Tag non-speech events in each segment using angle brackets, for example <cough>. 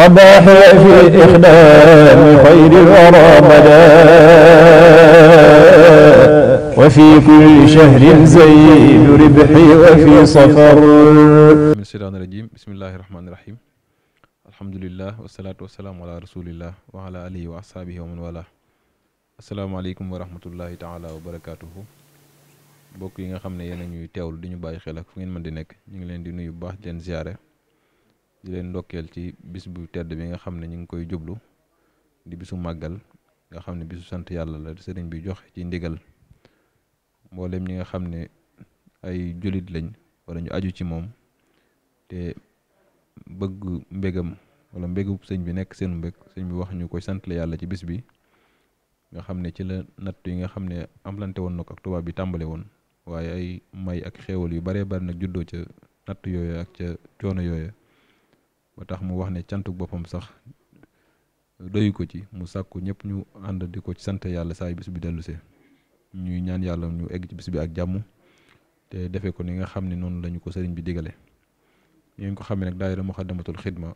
وضاحي في إخدام خير الورى بدا وفي كل شهر زيد ربحي وفي سفر من الشيطان الرجيم بسم الله الرحمن الرحيم الحمد لله والصلاة والسلام على رسول الله وعلى آله وأصحابه ومن والاه السلام عليكم ورحمة الله تعالى وبركاته mbokk yi nga xam ne yéen a ñuy teewlu di ñu bàyyi xel ak fu ngeen mën di nekk ñu ngi leen di nuyu bu baax di leen ziare di leen ndokkeel ci bis bu tedd bi nga xam ne ñu ngi koy jublu di bisu màggal nga xam ne bisu sant yàlla la sëriñ bi jox ci ndigal mboolem ñi nga xam ne ay jullit lañ wala ñu aju ci moom te bëgg mbégam wala mbégu sëñ bi nekk seen mbég sëñ bi wax ñu koy sant la yàlla ci bis bi nga xam ne ci la natt yi nga xam ne amlante woon na ko ak tubaab bi tàmbale woon waaye ay may ak xéewal yu bare bari nag juddoo ca natt yooyu ak ca coono yooyu ba tax mu wax ne cantuk boppam sax doyu ko ci mu sàkku ñëpp ñu ànd di ko ci sant yàlla saa yu bis bi dellusee ñuy ñaan yàlla ñu egg ci bis bi ak jàmm te defee ko ni nga xam ne noonu lañu ko sëriñ bi digale ñu ko xamee nag daayira Muxaddamatul Xidma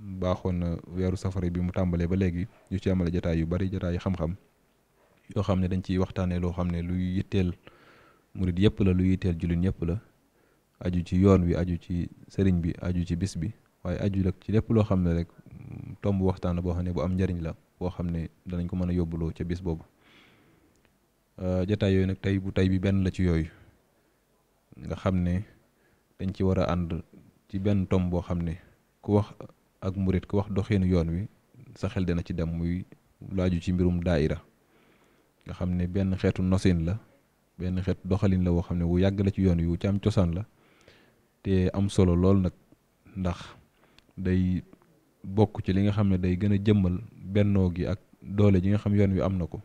baaxoon na weeru safara bi mu tàmbalee ba léegi ñu ci amale jataay yu bari jataay yu xam-xam yoo xam ne dañ ciy waxtaanee loo xam ne luy yitteel murit yëpp la luy yitteel jullit yëpp la aju ci yoon wi aju ci sëriñ bi aju ci bis bi waaye aju nag ci lépp loo xam ne rek tomb waxtaan boo xam ne bu am njariñ la boo xam ne danañ ko mën a yóbbuloo ca bis boobu euh, jataay yooyu nag tey bu tey bi benn la ci yooyu nga xam ne dañ ci war a ànd ci benn tomb boo xam ne ku wax ak murit ku wax doxeenu yoon wi sa xel dina ci dem muy laaju ci mbirum daaira nga xam ne benn xeetu nosin la benn xeetu doxaliin la woo xam ne wu yàgg la ci yoon wi wu ci am cosaan la te am solo lool nag ndax day bokk ci li nga xam ne day gën a jëmmal bennoo gi ak doole ji nga xam yoon wi am na ko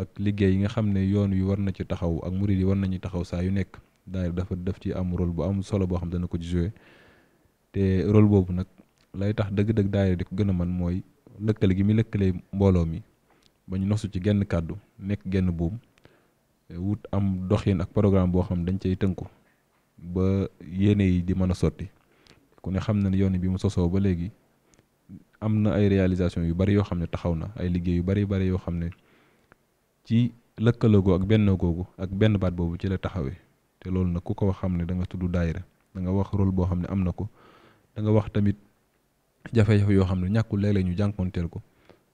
ak liggéey yi nga xam ne yoon wi war na ci taxaw ak murid yi war nañu taxaw saa yu nekk daanaka dafa def ci am role bu am solo boo xam dana ko ci joué te rôle boobu nag lay tax dëgg-dëgg daayira di ko gën a man mooy lëkkale gi mi lëkkale mbooloo mi ba ñu nosu ci genn kàddu nekk genn buum wut am doxin ak programme boo xam dañ cay tënku ba yéene yi di mën a sotti ku ne xam na ne yoon bi mu sosoo ba léegi am na ay réalisation yu bari yoo xam ne taxaw na ay liggéey yu bari bari yoo xam ne ci lëkkalagoo benn googu ak benn baat boobu ci la taxawee te loolu nag ku ko wax xam ne da nga tudd daayira da nga wax rôle boo xam ne am na ko danga wax tamit jafe yoo xam ne ñàkkul léeg-léeg ñu jànkoonteel ko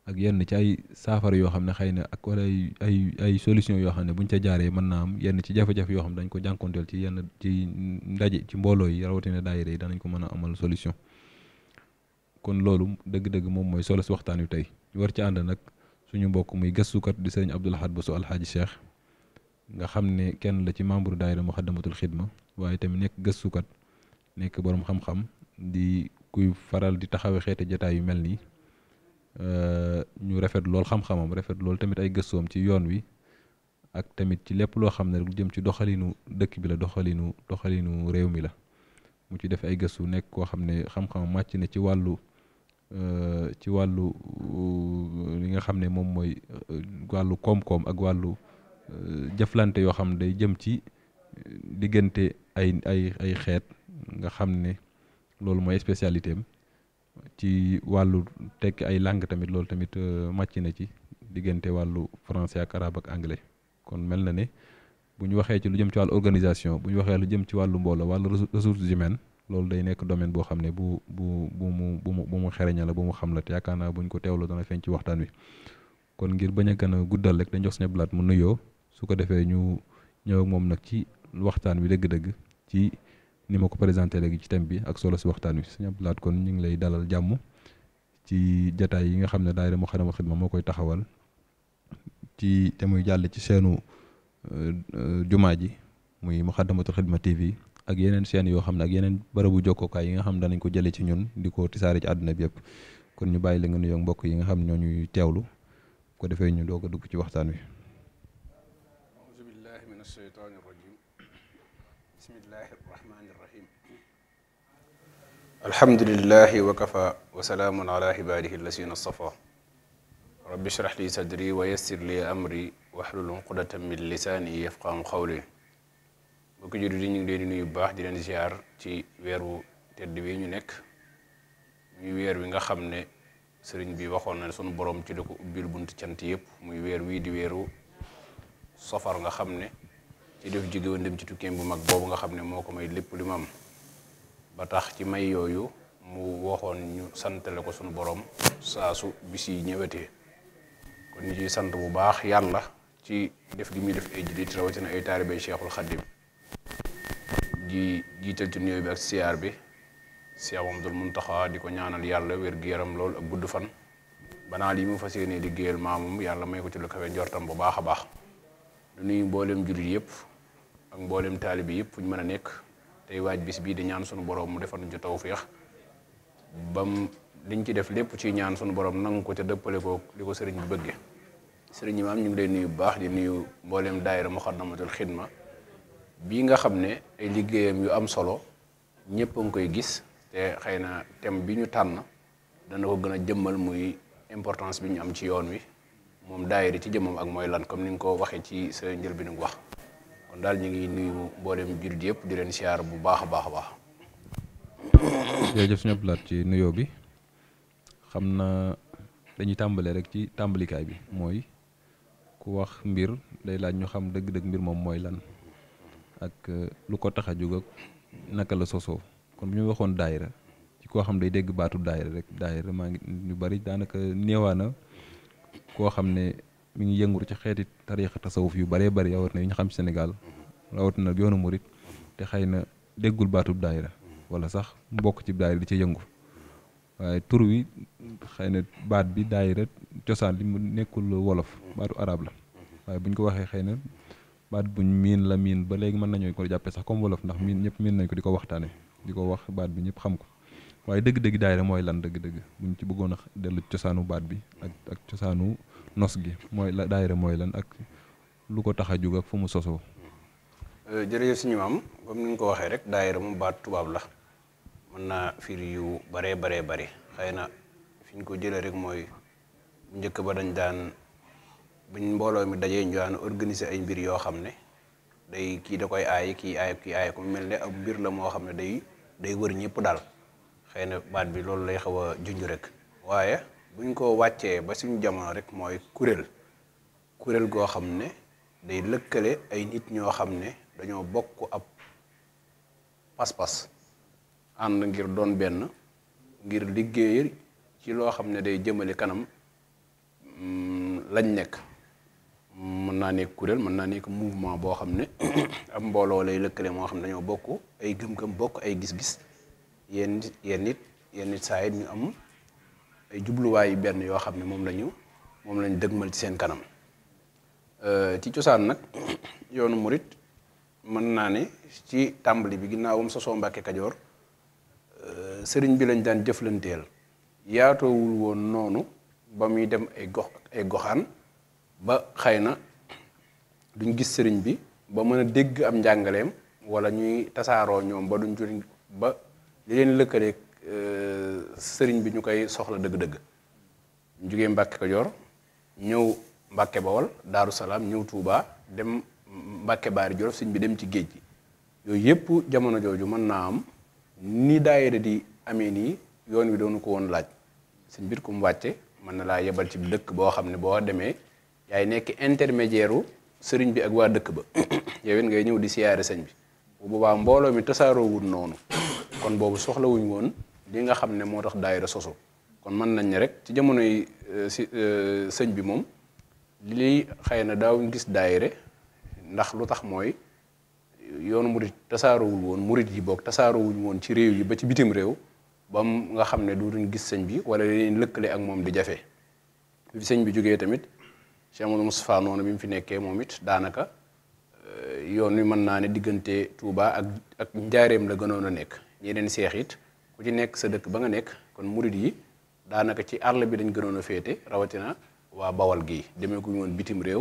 ak yenn ci ay saafara yoo xam ne xëy na ak wala ay ay ay solution yoo xam ne buñ ca jaaree mën naa am yenn ci jafe-jafe yoo xam ne dañ ko jànkonteel ci yenn ci ndaje ci mbooloo yi rawatine daayira yi danañ ko mën a amal solution kon loolu dëgg-dëgg moom mooy solo si waxtaan wi tey ñu war ci ànd nag suñu mbokk muy gëstukat di sëriñ Abdoul Ahad Bousso Alxaaji Cheikh nga xam ne kenn la ci membre daayira Muxaddamatul Xidma waaye tamit nekk gëstukat nekk borom xam di kuy faral di taxawee xeeti jataay yu mel nii Euh, ñu rafet lool xam-xamam rafet lool tamit ay gëstoom ci yoon wi ak tamit ci lépp loo xam ne lu jëm ci doxalinu dëkk bi la doxalinu doxalinu réew mi la mu ci def ay gëstu nekk koo xam ne xam-xamam màcc na ci wàllu euh, ci wàllu euh, li nga xam ne moom mooy wàllu koom-koom ak wàllu jëflante yoo xam ne day jëm ci diggante ay ay ay xeet nga xam ne loolu mooy spécialité ci wàllu tekki ay langue tamit loolu tamit euh, màcc na ci diggante wàllu français ak arabe ak anglais kon mel na ne bu ñu waxee ci lu jëm ci wàllu organisation bu ñu waxee lu jëm ci wàllu mbooloo wàllu ressources humaines loolu day nekk domaine boo xam ne bu bu bu mu bu mu mu xereña la bu mu xam la te yaakaar naa buñ ñu ko teewloo dana feeñ ci waxtaan wi kon ngir bañ a gën a guddal rek dañ jox suñu blaat mu nuyoo su ko defee ñu ñëw moom nag ci waxtaan wi dëgg-dëgg ci ni ma ko présenté léegi ci thème bi ak solo si waxtaan wi sëñ Abdou Lahad kon ñu ngi lay dalal jàmm ci jataay yi nga xam ne daayira Moukhaddamatoul Khidma moo koy taxawal ci te muy jàll ci seenu euh, jumaa ji muy Moukhaddamatoul Khidma TV ak yeneen seen yoo xam ne ak yeneen barabu jokkookaay yi nga xam ne danañ ko jëlee ci ñun di ko tisaare ci àddina bi yëpp kon ñu bàyyi la nga nuyoo mbokk yi nga xam ñoo ñuy teewlu ko defee ñu doog a dugg ci waxtaan wi. alhamdulilahi wa kafa wa salaamun ala ibaadihi lasina stafa rabbi shrah li sadri wa yassir li amri wahlul uqdatan min lisaani yafqahu qawli mbokki juddu di ñu ngi leen di nuyu baax di leen ziar ci weeru tedd wi ñu nekk muy weer wi nga xam ne sëriñ bi waxoon na sunu borom ci da ko ubbil bunt cant yépp muy weer wii di weeru safar nga xam ne ci def jóge woon dem ci tukkeem bu mag boobu nga xam ne moo ko may lépp li mu ba tax ci may yooyu mu waxoon ñu santale ko sunu boroom saasu su bis ñëwetee kon ñu ciy sant bu baax yàlla ci def gi muy def ay jullit rawatina ay taalibe Cheikhul Khadim di jiital ci nuyoo bi ak siyaar bi Cheikh Mamadou Mountakha di ko ñaanal yàlla wér yaram lool ak gudd fan banaa lii mu fas yéenee di géyal maamum yàlla may ko ci lu kawe njortam bu baax a baax du nuyu mboolem jullit yépp ak mboolem taalibe yëpp fu ñu mën a nekk tey waaj bis bii di ñaan sunu borom mu defal ñu ci tawféex bam liñ ci def lépp ci ñaan sunu borom nangu ko ca dëppale kook li ko sëriñ bi bëgge sëriñ Imaam ñu ngi lay nuyu bu baax di nuyu mbooleem daayira Muxaddamatul Xidma bii nga xam ne ay liggéeyam yu am solo ñëpp a ngi koy gis te xëy na thème bi ñu tànn dana ko gën a jëmmal muy importance bi ñu am ci yoon wi moom daayira ci jëmmam ak mooy lan comme ni nga ko waxee ci bi sa njëlbéenu wax. kon daal ñu ngi nuyu mboolem jullit yëpp di leen siyaar bu baax a baax a baax. jërëjëf suñu abdulaat ci nuyoo bi xam na dañuy tàmbalee rek ci tàmbalikaay bi mooy ku wax mbir day laaj ñu xam dëgg-dëgg mbir moom mooy lan ak euh, lu ko tax a jóg ak naka la sosoo kon bu ñu waxoon daayra ci koo xam day dégg baatu daayira rek daayira maa ngi ñu bari daanaka néewaana koo xam ne mi ngi yëngu ci xeeti tariixa tasawuf yu bëree bëri rawatina yi ñu xam ci Sénégal rawatina nag yoonu murit te xëy na déggul baatub daayira wala sax mbokk ci daayira di ci yëngu waaye tur wi xëy na baat bi daayira cosaan li mu nekkul wolof baatu arab la waaye buñ ko waxee xëy na baat buñ miin la miin ba léegi mën nañoo ko jàppee sax comme wolof ndax miin ñëpp miin nañ ko di ko waxtaane di ko wax baat bi ñëpp xam ko waaye dëgg-dëgg daayira mooy lan dëgg buñ ci bëggoon a dellu cosaanu baat bi ak ak cosaanu nos gi mooy la daayira mooy lan ak lu ko tax a jóg ak fu mu sosoo. Euh, jërëjëf suñu maam comme ni ñu ko waxee rek daayira mu baat tubaab la mën naa firi yu baree baree bari xay na fi ñu ko jëlee rek mooy bu njëkk ba dañ daan buñ mbooloo mi dajee ñu daan organiser ay mbir yoo xam ne day kii da koy aay kii aay kii aay mel ne ab mbir la moo xam ne day day wër ñëpp daal xëy na baat bi loolu lay xaw a junj rek bu ñu ko wàccee ba suñ jamono rek mooy kuréel kuréel goo xam ne day lëkkale ay nit ñoo xam ne dañoo bokk ab pas-pas ànd ngir doon benn ngir liggéey ci loo xam ne day jëmale kanam mm, lañ nekk mën naa nekk kuréel mën naa nekk mouvement boo xam ne <clears throat> ab mbooloo lay lëkkale moo xam ne dañoo bokk ay gëm-gëm bokk ay gis-gis yenn yenn nit yenn nit saa it ñu am ay jubluwaay yu benn yoo xam ne moom la ñu moom la ñu dëgmal ci seen kanam euh, ci cosaan nag <coughs> yoonu murit mën naa ne ci tàmbali bi ginnaawam sosoo Mbàkke Kajoor euh, sëriñ bi lañ daan jëflanteel yaatoowul woon noonu ba muy dem ay gox goxaan ba xëy na duñ gis sëriñ bi ba mën a dégg am njàngaleem wala ñuy tasaaroo ñoom ba duñ juriñ ba li leen lëkkaleeg euh, sëriñ bi ñu koy soxla dëgg-dëgg ñu jógee Mbàkke Kajoor ñëw Mbàkke Bawol Daaru Salaam ñëw Touba dem Mbàkke Baari Jolof sëriñ bi dem ci géej gi yooyu yëpp jamono jooju mën naa am ni daayira di amee nii yoon wi doonu ko woon laaj sëriñ bi ku mu wàcce mën na laa yebal ci dëkk boo xam ne boo demee yaay nekk intermédiaire sëriñ bi ak waa dëkk ba <coughs> yow it ngay ñëw di siyaare sëñ bi bu boobaa mbooloo mi tasaaroowul noonu kon boobu soxlawuñ woon li nga xam ne moo tax daayira soso kon mën nañ ne rek ci jamonoy euh, si euh, sëñ bi moom lii xëy na daawuñ gis daayre ndax lu tax mooy yoonu murit tasaaroowul woon murit yi boog tasaaroowuñ woon ci réew yi ba ci bitim réew ba mu nga xam ne duutuñ gis sëñ bi wala leen lëkkale ak moom di jafe bi sëñ bi jógee tamit Cheikh Amadou Moustapha noonu bi mu fi nekkee moom it daanaka euh, yoon wi mën naa ne diggante Touba ak ak njaareem la gënoon a nekk ñeneen seexit ku ci nekk sa dëkk ba nga nekk kon murit yi daanaka ci àll bi dañ gënoon a féete rawatina waa bawal gii demee ku woon bitim réew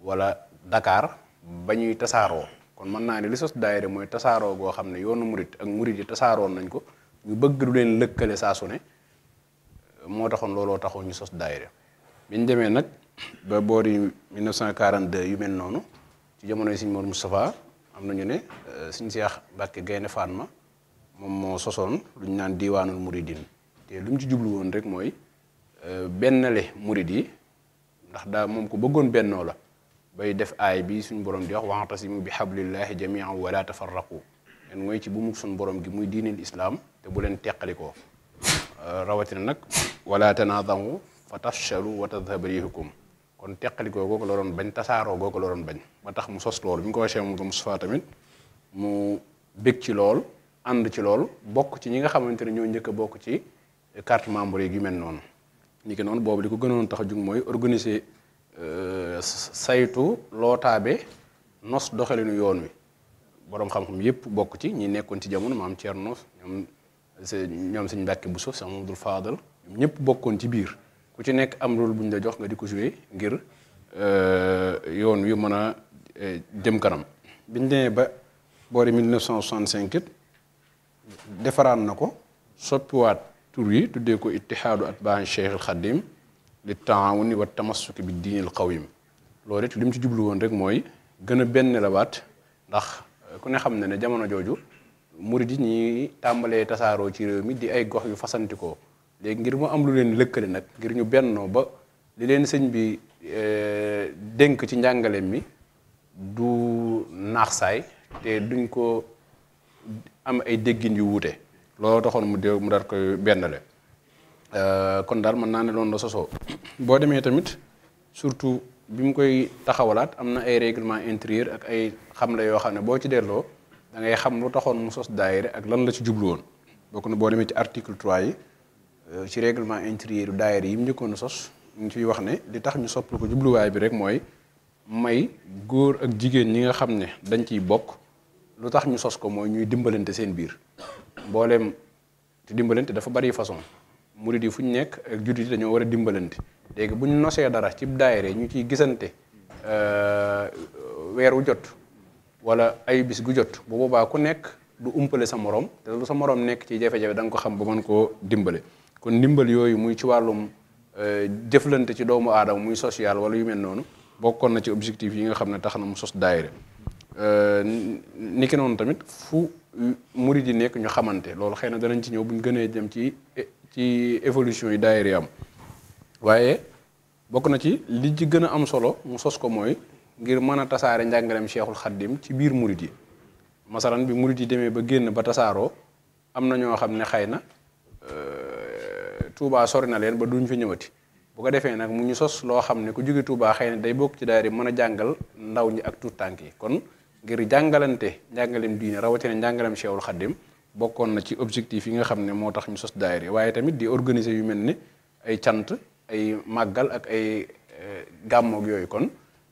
wala dakaar ba ñuy tasaaroo kon mën naa ne li sos daayira mooy tasaaroo goo xam ne yoonu murit ak murit yi tasaaroon nañ ko ñu bëgg du leen lëkkale saa ne moo taxoon looloo taxoon ñu sos daayira biñ demee nag ba boor yi 1942 yu mel noonu ci jamono jamonoy Sëñ Mor Moustapha am na ñu ne euh, Sëñ Seex Mbàkke Gaynde Fatma moom moo sosoon lu ñu naan diiwaanul muridin te lu mu ci jublu woon rek mooy euh, bennale murid yi ndax daa moom ko bëggoon bennoo la bay def aay bi suñu borom di wax wa'tasimu bi hablillahi jami'an wala tafarraqu leen mooy ci bu mu suñu borom muy diinil islaam te bu leen teqalikoo euh, rawatina nag wala tanaaza'u fa tafshalu wa tadhhaba riihukum kon teqalikoo googu la doon bañ tasaaroo googu la bañ ba tax mu sos loolu bi ñu ko waxee mu Moustapha tamit mu bég ci lool ànd ci loolu bokk ci ñi nga xamante ne ñoo njëkk a bokk ci carte membre yi yu noonu ñi ki noonu boobu di ko gënoon tax jug mooy organiser euh, saytu lootaabe nos doxalinu yoon wi boroom xam-xam yépp bokk ci ñi nekkoon ci jamono maam Thierno ñoom ñoom sëñ Mbàkke Buso sax Mamadul Faadal ñëpp bokkoon ci biir ku ci nekk am rôle bu ñu la jox nga di ko joué ngir euh, yoon wi mën a euh, jëm kanam biñ demee ba boori 1965 it defaraat na ko soppiwaat tour yi tuddee ko ittihaadu atbaan cheikh al xadim li taawuni wa tamassuki bi diinil qawim loolu it li ci jublu woon rek mooy gën a benn la waat ndax euh, ku ne xam ne ne jamono jooju murid di ñi tàmbalee tasaaroo ci réew mi di ay gox yu fasantikoo léegi ngir mu am lu leen lëkkale nag ngir ñu bennoo ba li leen sëñ bi euh, dénk ci njàngaleem mi du naax saay te duñ ko am ay déggin yu wuute looloo taxoon mu de mu daal koy bennale euh, kon daal mën naa ne loolu la sosoo <coughs> boo demee tamit surtout bi mu koy taxawalaat am na ay réglement intérieur ak ay xam la yoo xam ne boo ci delloo dangay xam lu taxoon mu sos daayira ak lan la ci jublu woon bokk na boo demee ci article trois yi euh, ci règlement intérieur yu daayira yi mu njëkkoon sos ñu ciy wax ne li tax ñu soppal ko jubluwaay bi rek mooy may góor ak jigéen ñi nga xam ne dañ ciy bokk lu tax ñu sos ko mooy ñuy dimbalante seen biir mbooleem te dimbalante dafa bari façon murid yi fu ñu nekk ak jullit yi dañoo war a dimbalante léegi bu ñu nosee dara cib daayira ñu ciy gisante euh, weer wu jot wala ay bis gu jot bu boobaa ku nekk du umpale sa morom te lu sa morom nekk ci jafe-jafe da nga ko xam ba mën koo dimbale kon ndimbal yooyu muy ci wàllum euh, jëflante ci doomu aadama muy social wala yu mel noonu bokkoon na ci objectif yi nga xam ne tax na mu sos daayira Euh, niki noonu tamit fu euh, murid yi nekk ñu xamante loolu xëy na danañ ci ñëw buñ gënee jëm ci ci évolution yi daayira yi am waaye bokk na ci li ci gën a am solo mu sos ko mooy ngir mën a tasaare njàngaleem Cheikhul Khadim ci biir murid yi masalan bi murid yi demee ba génn ba tasaaroo am na ñoo xam ne xëy na euh, Touba sori na leen ba duñ fi ñëwati bu ko defee nag mu ñu sos loo xam ne ku jóge Touba xëy na day bokk ci daayira mën a jàngal ndaw ñi ak tout tànk yi kon ngir jàngalante njàngaleem diine rawatina njàngaleem Cheikhul Khadim bokkoon na ci objectif yi nga xam ne moo tax ñu sos daayira waaye tamit di organiser yu mel ne ay cant ay màggal ak ay eh, gàmmoog yooyu kon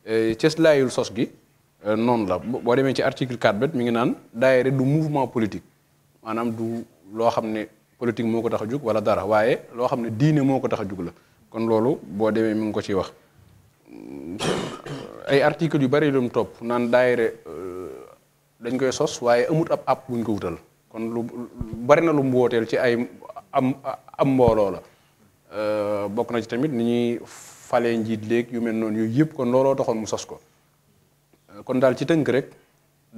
eh, cëslaayul sos gi eh, noonu la boo demee ci article 4 bet mi ngi naan daayira du mouvement politique maanaam du loo xam ne politique moo ko tax a jug wala dara waaye loo xam ne diine moo ko tax a jug la kon loolu boo demee mu ngi ko ciy wax ay articles yu bari lu mu topp naan daayire euh, dañ koy sos waaye amut ab app buñ ko wutal kon lu bari na lu mbooteel ci ay am am mbooloo la euh, bokk na ci tamit ni ñuy falee njiit léeg yu mel noonu yooyu yëpp kon looloo taxoon mu sos ko euh, kon daal ci tënk rek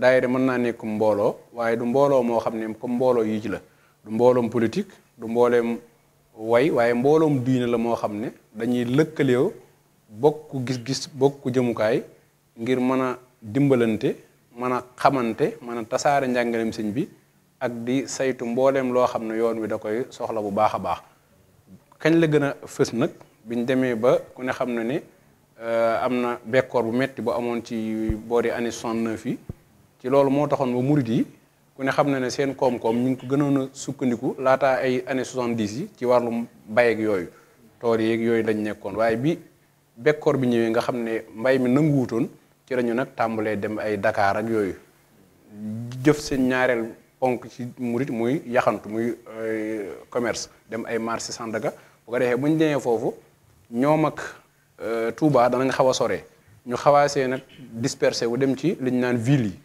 daayire mën naa nekk mbooloo waaye du mbooloo moo xam ne comme mbooloo yi ci la du mbooloom politique du mbooleem way waaye mbooloom diine la moo xam ne dañuy lëkkaleew bokk gis-gis bokk jëmukaay ngir mën a dimbalante mën a xamante mën a tasaare njàngaleem sëñ bi ak di saytu mbooleem loo xam ne yoon wi da koy soxla bu baax a baax kañ la gën a fës nag biñ demee ba ku ne xam na ne euh, am na bekkoor bu metti bu amoon ci boori année 69 yi ci loolu moo taxoon ba murit yi ku ne xam na ne seen koom-koom ñu ngi ko gënoon a sukkandiku laataa ay année 70 yi ci wàllum bay ak yooyu toor yeeg yooyu lañ nekkoon bi bekkoor bi ñëwee nga xam ne mbay mi nanguwutoon ci la nag tàmbalee dem ay Dakar ak yooyu jëf seen ñaareel ponk ci murit muy yaxantu muy euh, commerce dem ay march Sandaga bu ko defee bu demee foofu ñoom ak euh, Touba danañ xaw a sore ñu xawaasee nag dispersé wu dem ci liñ naan ville yi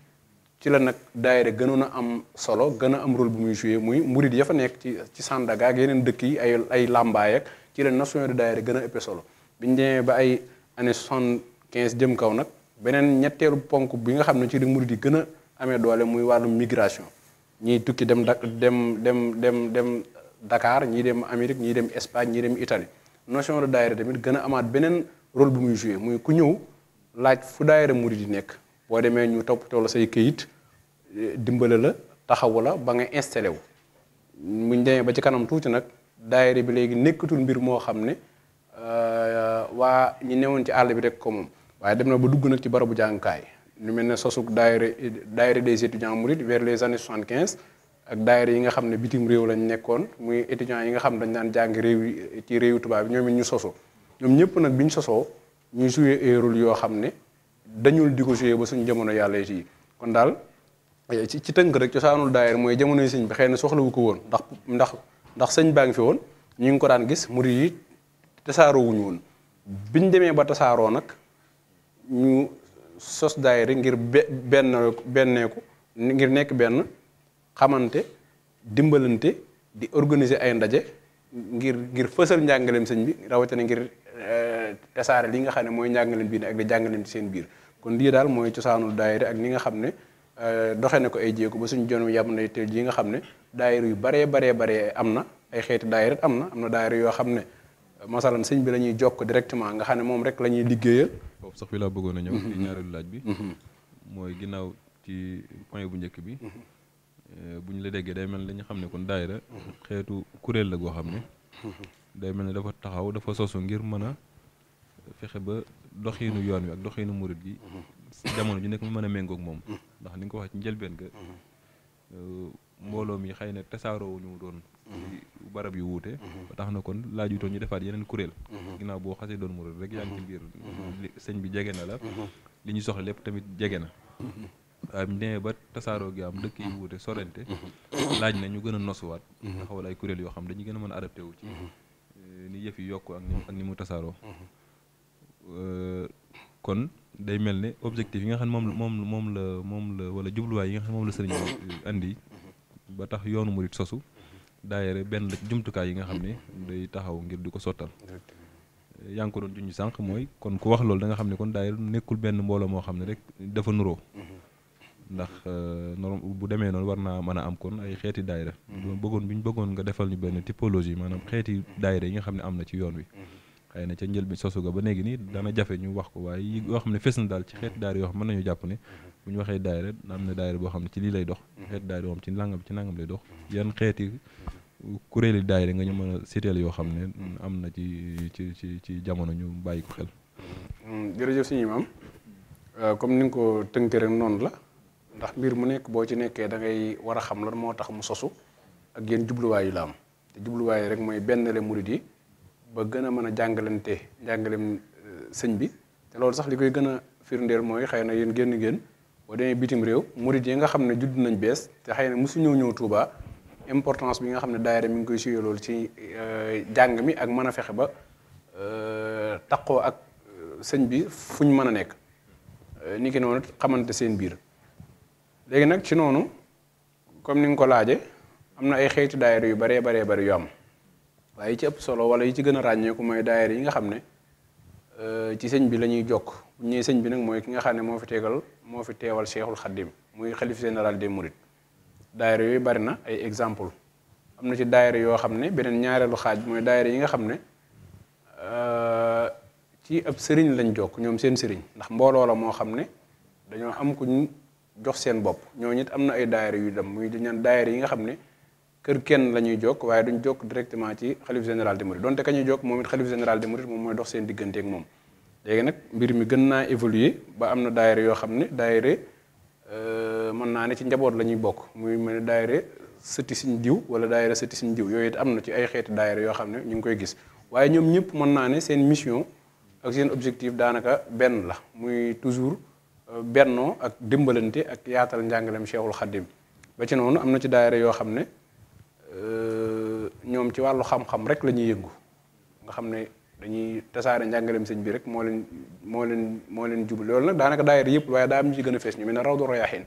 ci la nag daayira gënoon a am solo gën a am rôle bu muy joué muy murit ya fa nekk ci ci Sandaga ak yeneen dëkk yi ay ay làmbaay ak ci la notion de daayira gën a ëppee solo biñ demee ba ay année soixante quinze jëm kaw nag beneen ñetteelu ponk bi nga xam ne ci la murid yi gën a amee doole muy wàllum migration ñiy tukki dem dem dem dem dem Dakar ñii dem Amérique ñii dem Espagne ñii dem itali notion de daayira tamit gën a amaat beneen rôle bu muy joué muy ku ñëw laaj fu daayira murid yi nekk boo demee ñu toppatoo la say këyit dimbale la taxawu la ba nga installé wu. muñ demee ba ci kanam tuuti nag daayira bi léegi nekkatul mbir moo xam ne. Euh, waa ñi newoon ci àll bi rek ko moom waaye dem na ba dugg nag ci barabu jàngukaay lu mel ne sosuk daayira daayira des étudiants mourides vers les années soixante quinze ak daayira yi nga xam ne bitim réew lañu nekkoon muy étudiants yi nga xam dañ daan jàng réew yi ci tubaab bi ñoom ñu soso ñoom ñëpp nag bi ñu sosoo ñuy joué ay yoo xam ne dañul di ko joué ba suñu jamono yàlla yi kon daal eh, ci ci tënk rek cosaanul daayira mooy jamonoy sëñ bi xëy na soxlawu ko woon ndax ndax ndax sëñ baa ngi fi woon ñu ngi ko daan gis murid yi tasaaroowuñu woon biñ demee ba tasaaroo nag ñu sos daayira ngir be benn benneeku ngir nekk benn xamante dimbalante di organiser ay ndaje ngir ngir fësal njàngalem sëñ bi rawatina ngir eh, tasaare li nga xam ne mooy njàngaleem bii ne ak di jàngaleem ci seen biir kon lii daal mooy cosaanul daayira ak ni nga xam ne eh, doxe ne ko ay jéego ba suñu jon yam na teel yi nga xam ne daayira yu baree baree baree am na ay xeeti daayira am na am na daayira yoo xam ne masalan sëñ bi la ñuy jokk directement nga xam ne moom rek la ñuy liggéeyal. foofu sax fi laa bëggoon a ñëw. Mhm. ci ñaareelu laaj bi. Mhm. mooy ginnaaw ci point bu njëkk bi. Mhm. Eh, bu ñu la deggee day mel ni dañu xam ne kon daayira xeetu kuréel la goo xam ne. day mel ni dafa taxaw dafa sosu ngir mën a fexe ba doxiinu yoon wi ak doxiinu murit gi. jamono ji nekk mu mën a méngoog moom. ndax ni nga ko waxee ci njëlbeen ga. Eh, mbooloo mi xëy na tasaaroo wu ñu doon. barab yu wuute mhm. ba tax na kon laaj laajutoon ñu defaat yeneen kuréel mhm. ginaaw boo xasee doon murid rek yaa ngi ci biir mhm. sëñ bi jege na la li ñu soxla lépp tamit jege na waaye nee ba tasaaroo gi am dëkk yi wuute sorente laaj na ñu gën a nosuwaat taxawal ay kuréel yoo xam dañu gën a mën a adapté wu ci eh, ni yëf yi yokk ak ni ak ni mu tasaaroo eh, kon day mel ne objectif yi nga xam ne moom moom moom la moom la wala jubluwaay yi nga xam moom la sëriñ indi ba tax yoonu murid sosu daayere benn jumtukaay yi nga xam ne day taxaw ngir du ko sottal yaa ngi ko doon junj sànq mooy kon ku wax loolu da nga xam ne kon daayere nekkul benn mbooloo moo xam ne rek dafa nuroo mm-hmm. ndax euh, norm bu demee noonu war naa mën a am kon ay xeeti daayira mm-hmm. bëggoon bi ñu bëggoon defal ñu benn typologie maanaam mm-hmm. xeeti daayira yi nga xam ne am na ci yoon wi xëy na ca njël bi sosu ga ba léegi nii dana jafe ñu wax ko waaye yi yoo xam ne fes na daal ci xeeti daayira yoo xam mën nañu jàpp ne bu ñu waxee daayira am na daayira boo xam ne ci lii lay dox xeeti daayira yoo xam ci nangam ci nangam lay dox yan xeeti kuréeli daayira nga ñu mën a citeel yoo xam ne am na ci ci ci ci jamono ñu bàyyi ko xel. Mm, jërëjëf suñu maam euh, comme ni nga ko tënkee rek noonu la ndax mbir mu nekk boo ci nekkee da ngay war a xam lan moo tax mu sosu ak yéen jubluwaay yu la am te jubluwaay yi rek mooy benn le murit yi ba gën a mën a jàngalante jàngaleem euh, sëñ bi te loolu sax li koy gën a firndeel mooy xëy na yéen génn génn boo demee bitim réew murit yi nga xam ne judd nañ bees te xëy na mosu ñëw ñëw Touba. importance bi nga xam ne daayira mi ngi koy suyee loolu ci euh, jàng mi ak mën a fexe ba euh, taqoo ak euh, sëñ bi fu ñu mën a nekk ni ki noonu xamante seen biir léegi nag ci noonu comme ni nga ko laaje am na ay xeeti daayira yu baree baree bari yu am waaye yi ci ëpp solo wala yi ci gën a ràññeeku mooy daayira yi nga xam ne ci sëñ bi la ñuy jokk bu ñëwee sëñ bi nag mooy ki nga xam ne moo fi tegal moo fi teewal Cheikhul Khadim muy xalif général de Mourides daayira yooyu bari na ay exemple am na ci daayira yoo xam ne beneen ñaareelu xaaj mooy daayira yi nga xam ne euh, ci ab sëriñ lañ jokk ñoom seen sëriñ ndax mbooloo la moo xam ne dañoo am ku ñu jox seen bopp ñoo it am na ay daayira yu dem muy ñaan daayira yi nga xam ne kër kenn la ñuy jokk waaye duñ jokk directement ci xalif général des mourides donte ka ñuy jokk moom it xalif général des mourides moom mooy dox seen digganteeg moom léegi nag mbir mi gën naa évoluer ba am na daayira yoo xam ne daayira Euh, mën naa ne ci njaboot la ñuy bokk muy mel ne daayira sëti siñ diw wala daayira sëti siñ diw yooyu am na ci ay xeeti daayira yoo xam ne ñu ngi koy gis waaye ñoom ñëpp mën naa ne seen mission ak seen objectif daanaka benn la muy toujours euh, bennoo ak dimbalante ak yaatal njàngalem Cheikhul Khadim ba ci noonu am na ci daayira yoo xam ne euh, ñoom ci wàllu xam-xam rek la ñuy yëngu nga xam ne dañuy tasaare njàngaleem sëñ bi rek moo leen moo leen moo leen jubal la nag daanaka daayira yëpp waaye daa am ñu ci gën a fees ñu mel ne Rawdu Rayaahiin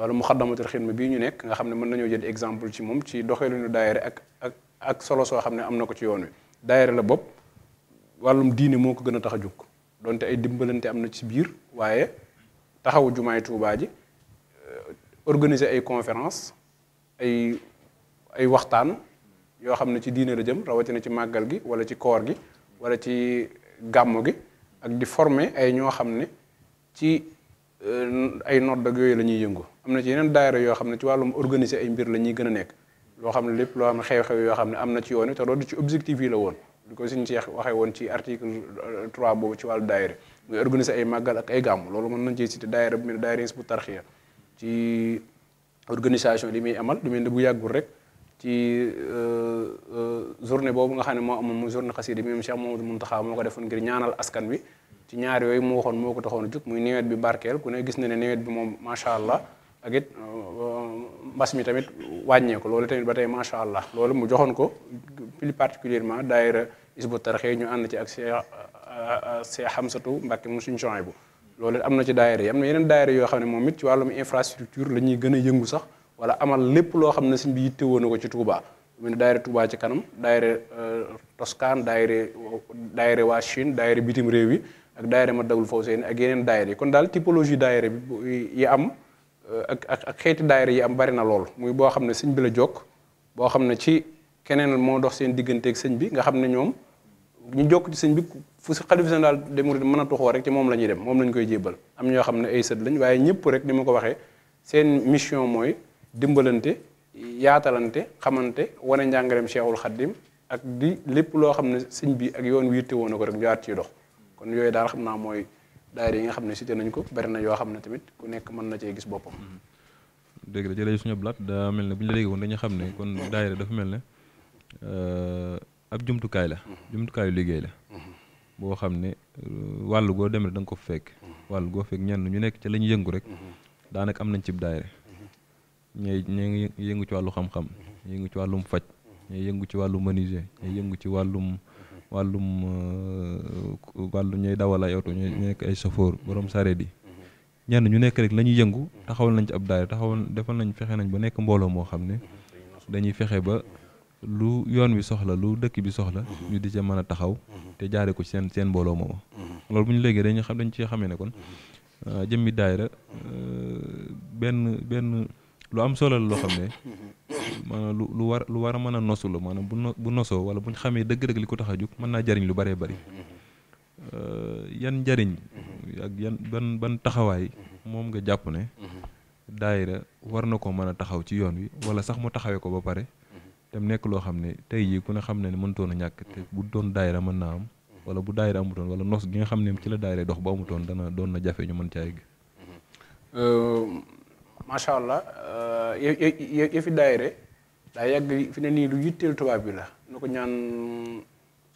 wala Muxaddamatul Xidma bii ñu nekk nga xam ne mën nañoo jël exemple ci moom ci doxalinu daayira ak ak ak solo soo xam ne am na ko ci yoon wi daayira la bopp wàllum diine moo ko gën a tax a jóg donte ay dimbalante am na ci biir waaye taxawu jumaay Tuubaa ji euh, organiser ay conférence ay ay waxtaan yoo xam ne ci diine la jëm rawatina ci màggal gi wala ci koor gi wala ci gàmmu gi ak di former ay ñoo xam ne ci euh, ay nodd ak yooyu la ñuy yëngu am na ci yeneen daayira yoo xam ne ci wàllum organiser ay mbir la ñuy gën a nekk loo xam ne lépp loo xam ne xew-xew yoo xam ne am na ci yoon wi te loolu ci objectif yi la woon di ko suñu Cheikh waxee woon ci article 3 euh, boobu ci wàllu daayira muy organiser ay màggal ak ay gàmmu loolu mën nañ ci cité daayira bu mel daayira bu tarxiya ci organisation li muy amal du mel ne bu yàggul rek ci euh, euh, journée boobu nga xam ne moo amoon mu journée xasida bi moom Cheikh Mamadou Mountakha moo ko defoon ngir ñaanal askan wi ci ñaar yooyu mu waxoon moo ko taxoon a jóg muy nawet bi barkeel ku ne gis na ne nawet bi allah ak it euh, mbas mi tamit wàññeeku loolu tamit ba tey macha allah loolu mu joxoon ko plus particulièrement daayira Hizbut Tarqiyyah ñu ànd ci ak Cheikh Cheikh Hamsatou Mbacké mu suñu bu loolu am na ci daayira yi am na yeneen daayira yoo xam ne moom it ci wàllum infrastructure la ñuy gën a yëngu sax wala amal lépp loo xam ne sëñ bi yitte woon na ko ci Touba mu ne daayira Touba ci kanam daayira euh, Toscane daayira daayira waa Chine daayira bitim réew yi ak daayira Madawul Fawzeyni ak yeneen daayira yi kon daal typologie daayira yi am euh, ak ak ak xeeti daayira yi am bari na lool muy boo xam ne sëñ bi la jokk boo xam ne ci keneen moo dox seen diggante digganteeg sëñ bi nga xam ne ñoom ñu jokk ci sëñ bi fu si xalifa général des mourides mën a tuxoo rek ci moom la ñuy dem moom la koy jébbal am ñoo xam ne ay sët lañ waaye ñëpp rek ni ma ko waxee seen mission mooy dimbalante yaatalante xamante wane njàngareem Cheikhul Khadim ak di lépp loo xam ne sëñ bi ak yoon wiirte woon na ko rek ñu waat dox kon yooyu daal xam naa mooy daayira yi nga xam ne cité nañ ko bari na yoo xam ne tamit ku nekk mën na cee gis boppam. dégg la jërëjëf suñu blaat daa mel ne bu ñu la dégg woon dañu xam ne kon daayira dafa mel ne euh, ab jumtukaay la. jumtukaayu liggéey la. boo xam ne euh, wàllu goo demee da nga ko fekk. Mm-hmm. wàllu goo fekk ñenn ñu nekk ca la ñu yëngu rek. Mm-hmm. daanaka am nañ cib daayira ñooy ñooy yëngu ci wàllu xam-xam ñooy ci wàllum faj ñooy yëngu ci wàllu menuisier yëngu ci wàllum wàllum euh, wàllu ñooy dawal ay oto ñooy nekk ay chauffeur borom sareet yi ñenn ñu nekk rek la yëngu taxawal nañ ci ab daayira taxawal defal nañ fexe nañ ba nekk mbooloo moo xam ne dañuy fexe ba lu yoon wi soxla lu dëkk bi soxla ñu di ca mën a taxaw te jaare ko ci seen seen mbooloo mooma loolu bu ñu léegi dañu xam dañ ci xamee ne kon euh, jëmmi daayira euh, benn benn lu am solo loo xam ne maanaam lu war lu war a mën a nosu la maanaam bu no bu nosoo wala bu ñu xamee dëgg-dëgg li ko tax a jóg mën naa jariñ lu bëree bari euh, yan njariñ ak yan ban ban taxawaay moom nga jàpp ne daayira war na ko mën a taxaw ci yoon wi wala sax mu taxawee ko ba pare te mu nekk loo xam ne tey jii ku ne xam ne ne mënutoon a ñàkk te bu doon daayira mën naa am wala bu daayira amutoon wala nos gi nga xam ne ci la daayira dox bu amutoon dana doon na jafe ñu mën caa yegg euh, macha allah euh, yëfi daayire daa yàgg fi ne nii lu yitteel tubaab bi la nu ko ñaan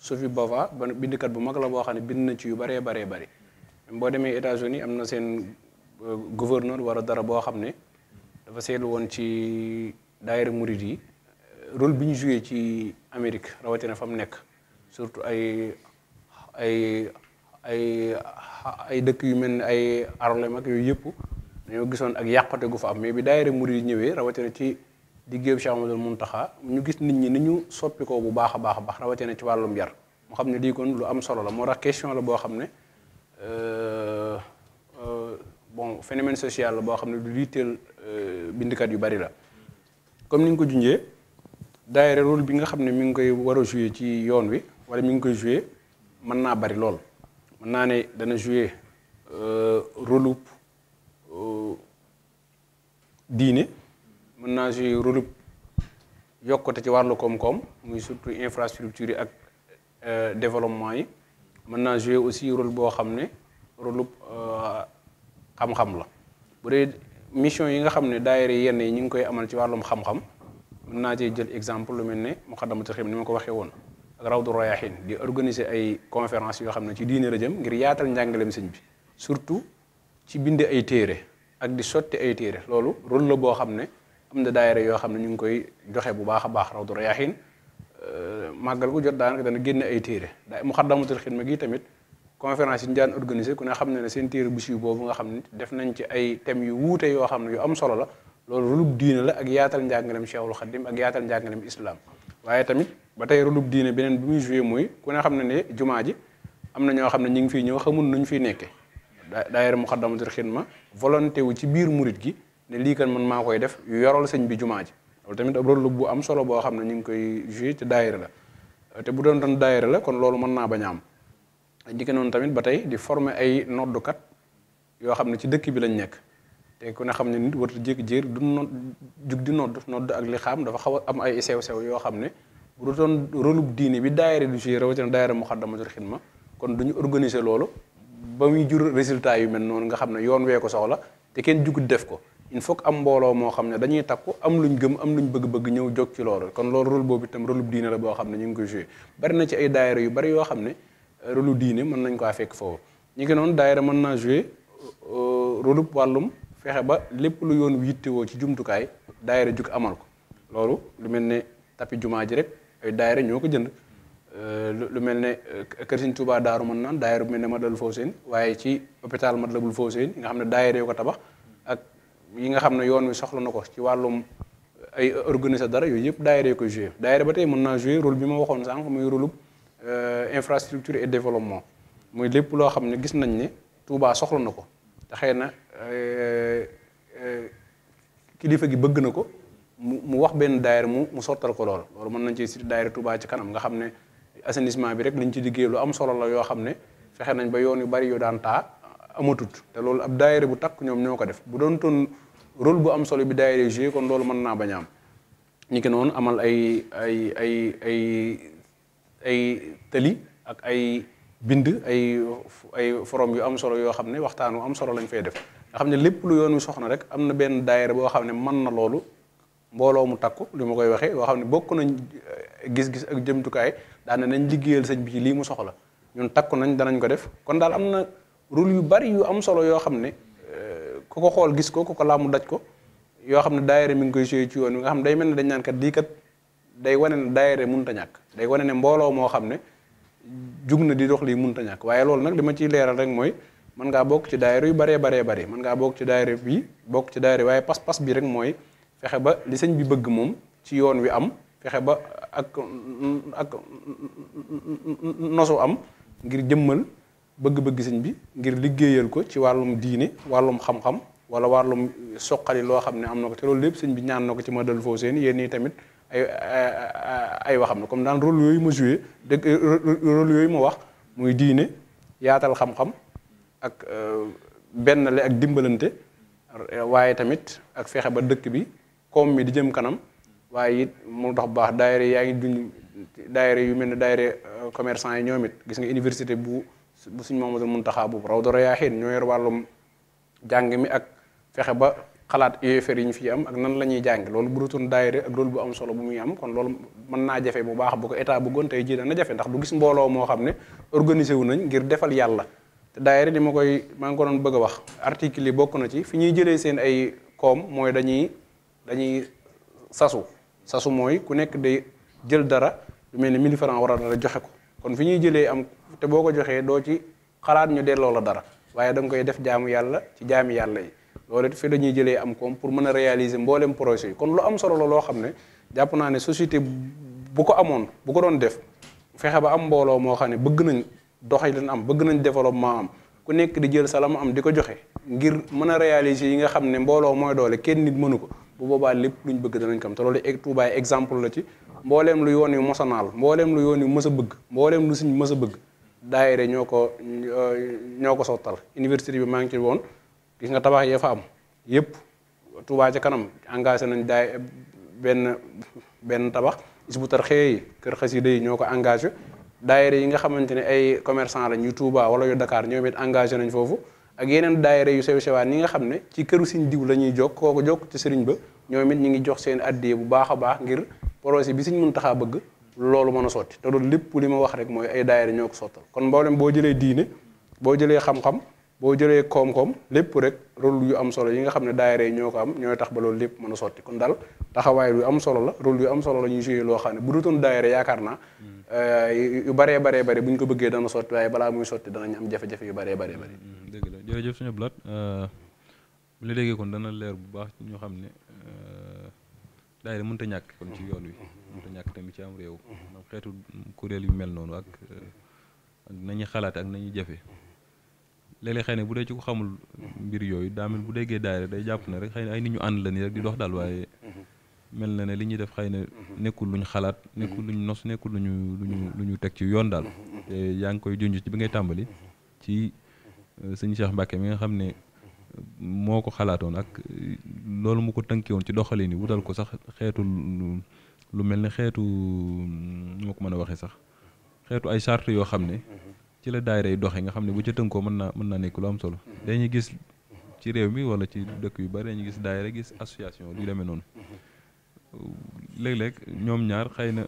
Sophie Bova ba bindkat bu mag la boo xam ne bind na ci yu bare baree bari boo demee États-Unis am na seen euh, gouverneur wala dara boo xam ne dafa seetlu woon ci daayira murid yi euh, rôle bi ñu joué ci Amérique rawatina fa mu nekk surtout ay ay ay ay dëkk yu mel ni ay Harlem mag yooyu yëpp dañoo gisoon ak yàqute gu fa am mais bi daayira murid ñëwee rawatina ci diggéeyu Cheikh Amadou Mountakha ñu gis nit ñi ni ñu soppi ko bu baax a baax a baax rawatina ci wàllum yar mu xam ne lii kon lu am solo la moo tax la boo xam ne euh, euh, bon phénomène social la boo xam ne lu liiteel euh, bindkat yu bari la comme ni nga ko junjee daayira rôle bi nga xam ne mi ngi koy war a jouer ci yoon wi wala mi ngi koy jouer mën naa bari lool mën naa ne dana jouer rôle diine mën naa si rôle yokkute ci wàllu koom-koom muy surtout infrastructure yi ak euh, développement yi mën naa jouer aussi rôle boo xam ne rôle euh, xam-xam la bu dee mission yi nga xam ne daayira yenn yi ñu ngi koy amal ci wàllum xam-xam mën naa cee jël exemple lu mel ne Muqaddamatul Xidma ni ma ko waxee woon ak Rawdu Rayaahiin di organiser ay conférence yoo xam ne ci diine la jëm ngir yaatal njàngaleem sëñ bi surtout ci bind ay téere ak di sotti ay téere loolu rôle la boo xam ne am na daayira yoo xam ne ñu ngi koy joxe bu baax a baax raw Rawdu Rayaahiin euh, màggal gu jot daanaka dana génne ay téere daa Muxaddamatul Xidma gi tamit conférence yi daan organisé ku ne xam ne ne seen téere bu siiw boobu nga xam ne def nañ ci ay thèmes yu wuute yoo xam ne yu am solo la loolu rôle bu diine la ak yaatal njàngaleem Cheikhul Xadim ak yaatal njàngaleem islam waaye tamit ba tey rôle bu diine beneen bi muy joué mooy ku ne xam ne ne jumaa ji am na ñoo xam ne ñu ngi fiy ñëw xamul nuñ fiy nekkee daayira Muxaddamatul Xidma volonté wu ci biir murit gi ne lii kan man maa koy def yoral sëñ bi jumaa ji loolu tamit ab rôle bu am solo boo xam ne ñu ngi koy joué ci la te bu doon doon daayira la kon loolu mën naa bañ a am di noonu tamit ba tey di former ay noddukat yoo xam ne ci dëkk bi lañ nekk te kon ne xam ne nit warta jékki-jéer du nodd jug di nodd nodd ak li xaam dafa xaw a am ay sew-sew yoo xam ne bu doon rôle bu diine bi daayira du joué rawatina daayira Muxaddamatul Xidma kon du ñu organiser ba muy jur résultat yu mel noonu nga xam ne yoon wee ko soxla te kenn jugut def ko il faut am mbooloo moo xam ne dañuy takku am luñ gëm am luñ bëgg-bëgg ñëw jog ci loolu kon loolu rôle boobu itam rôle bu diine la boo xam ne ñu ngi ko joué bari ci ay daayira yu bari yoo xam ne euh, rôle diine mën nañ koo fekk foofu ñu ngi noonu daayira mën naa joué euh, rôle wàllum fexe ba lépp lu yoon yittewoo ci jumtukaay daayira jug amal ko loolu lu mel ne tapi jumaa ji rek ay ñoo ko jënd Euh, lu mel ne euh, Kër Sëñ Touba Daaru mën naan daayira bu mel ne ma Matlaboul Fawzeyni waaye ci hôpital Matlaboul Fawzeyni nga xam ne daayira yoo ko tabax ak yi nga xam ne yoon wi soxla na ko ci wàllum ay organiser dara yooyu yëpp daayira yoo koy joué ba tey mën naa joué rôle bi ma waxoon sànq muy rôle euh, infrastructure et développement muy lépp loo xam ne gis nañ ne Touba soxla na ko te xëy na kilifa gi bëgg na ko mu mu wax benn daayira mu mu sottal ko lool loolu mën nañ ci cité daayira Touba ci kanam nga xam ne assainissement bi rek lañ ci liggéey lu am solo la yoo xam ne fexe nañ ba yoon yu bari yu daan taa amatut te loolu ab daayira bu takk ñoom ñoo ko def bu doon toon rôle bu am solo bi daayira joué kon loolu mën naa bañ a am ñu ki noonu amal ay ay ay ay ay tëli ak ay bind ay ay forom yu am solo yoo xam ne waxtaan wu am solo lañ fay def nga xam ne lépp lu yoon wi soxna rek am na benn daayira boo xam ne mën na loolu mbooloo mu takku li ma koy waxee boo xam ne bokk nañ gis-gis ak jëmtukaay daane nañ liggéeyal sëñ bi ci lii mu soxla ñun takku nañ danañ ko def kon daal am na rôle yu bari yu am solo yoo xam ne euh, ku ko xool gis ko ku ko laamu daj ko yoo xam ne daayere mi ngi koy suyee ci yoon nga xam ne day mel ne dañ naan kat dii kat day wane ne daayere munta ñàkk day wane ne mbooloo moo xam ne jug na di dox lii munta ñàkk waaye loolu nag li ma ciy leeral rek mooy mën ngaa bokk ci daayere yu baree baree bari mën ngaa bokk ci daayere bi bokk ci daayere waaye pas-pas bi rek mooy fexe ba li sëñ bi bëgg moom ci yoon wi am fexe ba ak ak nosu am ngir jëmmal bëgg-bëgg sëñ bi ngir liggéeyal ko ci wàllum diine wàllum xam-xam wala wàllum soqali loo xam ne am na ko te loolu lépp sëñ bi ñaan na ko ci ma dal foofu seen yéen ñi ay waxam ne comme daan rôle yooyu ma joué dëgg yooyu ma wax muy diine yaatal xam-xam ak euh, benn la ak dimbalante waaye tamit ak fexe ba dëkk bi koom mi di jëm kanam waaye it mu dox baax daayira yaa ngi dund daayira yu mel ne daayira euh, commerçant yi ñoom it gis nga université bu bu suñ Mamadou Muntaxa boobu raw dara yaa xiin ñoo yor wàllum jàng mi ak fexe ba xalaat UFR ñu fi am ak nan la ñuy jàng loolu bu doon daayira ak loolu bu am solo bu muy am kon loolu mën naa jafe bu baax bu ko état bëggoon tey jii na jafe ndax du gis mbooloo moo xam ne organisé wu nañ ngir defal yàlla te daayira li ma koy maa ngi ko bëgg a wax article yi bokk na ci fi ñuy jëlee seen ay koom mooy dañuy dañuy sasu sasu mooy ku nekk di jël dara lu mel ne 1000 francs war a dara joxe ko kon fi ñuy jëlee am te boo ko joxee doo ci xalaat ñu delloo la dara waaye da koy def jaamu yàlla ci jaami yàlla yi loolu it fi la ñuy jëlee am koom pour mën a réaliser mboolem projet yi kon lu am solo la loo xam ne jàpp naa ne société bu ko amoon bu ko doon def fexe ba am mbooloo moo xam ne bëgg nañ doxe leen am bëgg nañ développement am ku nekk di jël salaam am di ko joxe ngir mën a réaliser yi nga xam ne mbooloo mooy doole kenn nit mënu ko bu boobaa lépp luñ bëgg danañ kam te loolu e-, Touba exemple la ci mbooleem lu yoon yu mosanaal a mbooleem lu yoon yu mës bëgg mbooleem lu suñ mës bëgg daayira ñoo ko ñoo ko sottal université bi maa ngi ci woon gis nga tabax yee fa am yëpp Touba ci kanam engagé nañ daay benn benn tabax isbu tarxee yi kër xasida yi ñoo ko engagé daayira yi nga xamante ne ay commerçant la ñu Touba wala yu Dakar ñoom it engagé nañ foofu ak yeneen daayira yu sew sewaan yi nga xam ne ci këru siñ diw lañuy ñuy jokk kooko jokk ci sëriñ ba ñoom it ñu ngi jox seen addiye bu baax a baax ngir projet bi siñ mën taxaa bëgg loolu mën a sotti te loolu lépp li ma wax rek mooy ay daayira ñoo ko sottal kon mboolem boo jëlee diine boo jëlee xam boo jëlee koom-koom lépp rek rôle yu am solo yi nga xam ne daayira yi ñoo ko am ñooy tax ba loolu lépp mën a sotti kon dal taxawaay lu am solo la rôle yu am solo la ñuy joué loo xam ne bu dutoon daayira yaakaar naa Euh, yu baree baree bari bu ñu ko bëggee dana sot waaye balaa muy sotti danañ am jafe-jafe yu baree baree bari. Mm, dëgg la jërëjëf suñu Abdou Lahad bu euh, la déggee kon dana leer bu baax ñu xam ne euh, daayira mënut mënta ñàkk kon ci yoon wi. mënut ñàkk tamit ci am réew. ndax xeetu kuréel yu mel noonu ak nañu xalaat ak nañu jafe. léeg-léeg xëy na bu dee ci ko xamul mbir yooyu daa mel bu déggee daayira day jàpp ne rek xëy na ay nit ñu ànd la nii rek di dox daal waaye. mel na ne li ñuy def xëy na mhm. nekkul lu ñu xalaat mhm. nekkul lu ñu nos nekkul lu ñu lu ñu teg ci yoon daal mhm. te yaa ngi koy junj ci bi ngay tàmbali ci euh, sëñ Cheikh Mbacke mi nga xam ne moo ko xalaatoon ak euh, loolu mu ko tënkewoon ci doxalin yi wutal ko sax xeetu lu mel ne xeetu moo ko mën a waxee sax xeetu ay charte yoo xam ne ci la daayira yi doxee nga xam ne bu ca tënkoo mën naa mën naa nekk lu am solo dañuy gis ci réew mi wala ci dëkk yu bari ñu gis daayira gis association lu demee noonu léeg-léeg ñoom ñaar xëy na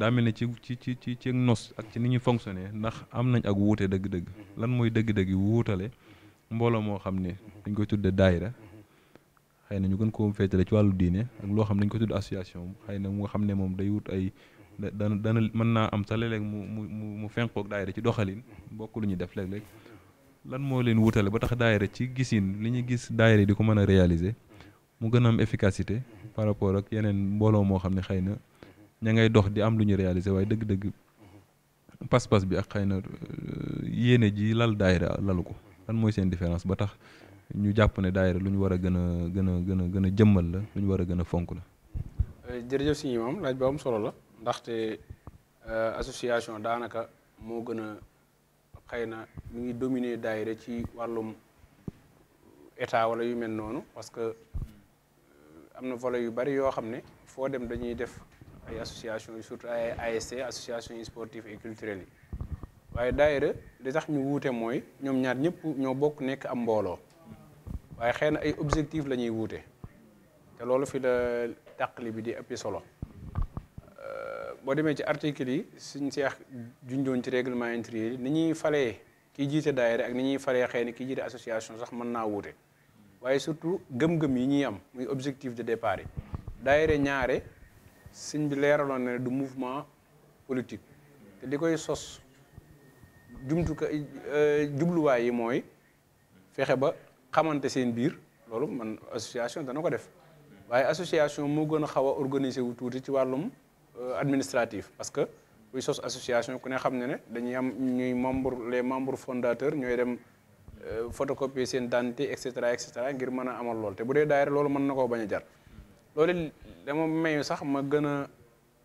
daa mel ne ci ci ci ci ci nos ak ci ni ñuy fonctionner ndax am nañ ak wuute dëgg-dëgg mm-hmm. lan mooy dëgg-dëgg yu wuutale mbooloo moo xam ne mm-hmm. dañ koy tudde daayira mm-hmm. xëy na ñu gën koo féetale ci wàllu diine ak loo xam ne dañ koy tudde association xëy na mu xam ne moom day wut ay dana dana mën naa am sax léeg-léeg mu mu mu mu fenqoog daayira ci doxalin bokk lu ñuy def léeg-léeg lan moo leen wutale ba tax daayira ci gisin li ñuy gis daayira di ko mën a réaliser mu gën am efficacité par rapport ak yeneen mbooloo moo xam ne xëy na ña ngay dox di am lu ñu réaliser waaye dëgg-dëgg pas-pas bi ak xëy na euh, yéene ji lal daayira lalu ko lan mooy seen différence ba tax ñu jàpp ne daayira lu ñu war a gën a gën a gën a gën a jëmmal la lu ñu war a gën a fonk la. Euh, jërëjëf si ñi moom laaj bu am solo la ndaxte euh, association daanaka moo gën a xëy na mu ngi dominer daayira ci wàllum état wala yu mel noonu parce am na volet yu bari yoo xam ne foo dem dañuy def ay association yi surtout ay ASC association yi sportive et culturelle yi waaye daayira li sax ñu wuute mooy ñoom ñaar ñëpp ñoo bokk nekk am mbooloo waaye xëy na ay objectif la ñuy wuute te loolu fi la tàqali bi di ëppi solo euh, boo demee ci article yi suñ seex junjoon ci règlement intérieur yi ni ñuy falee kiy jiite daayira ak ni ñuy falee xëy na kiy jiite association sax mën naa wuute waaye surtout gëm-gëm yi ñuy am muy objectif de départ yi daayira ñaare sëñ bi leeraloon ne du mouvement politique te li koy sos jumtuka euh, jubluwaay yi mooy fexe ba xamante seen biir loolu man association dana ko def waaye association moo gën a xaw a organiser wu tuuti ci wàllum euh, administratif parce que kuy sos association ku ne xam ne ne dañuy am ñuy membre les membres fondateurs ñooy dem Euh, photocopier seen identité et cetera et cetera ngir mën a amal loolu te bu dee daayira loolu mën na koo bañ a jar loolu dama mayu sax ma gën a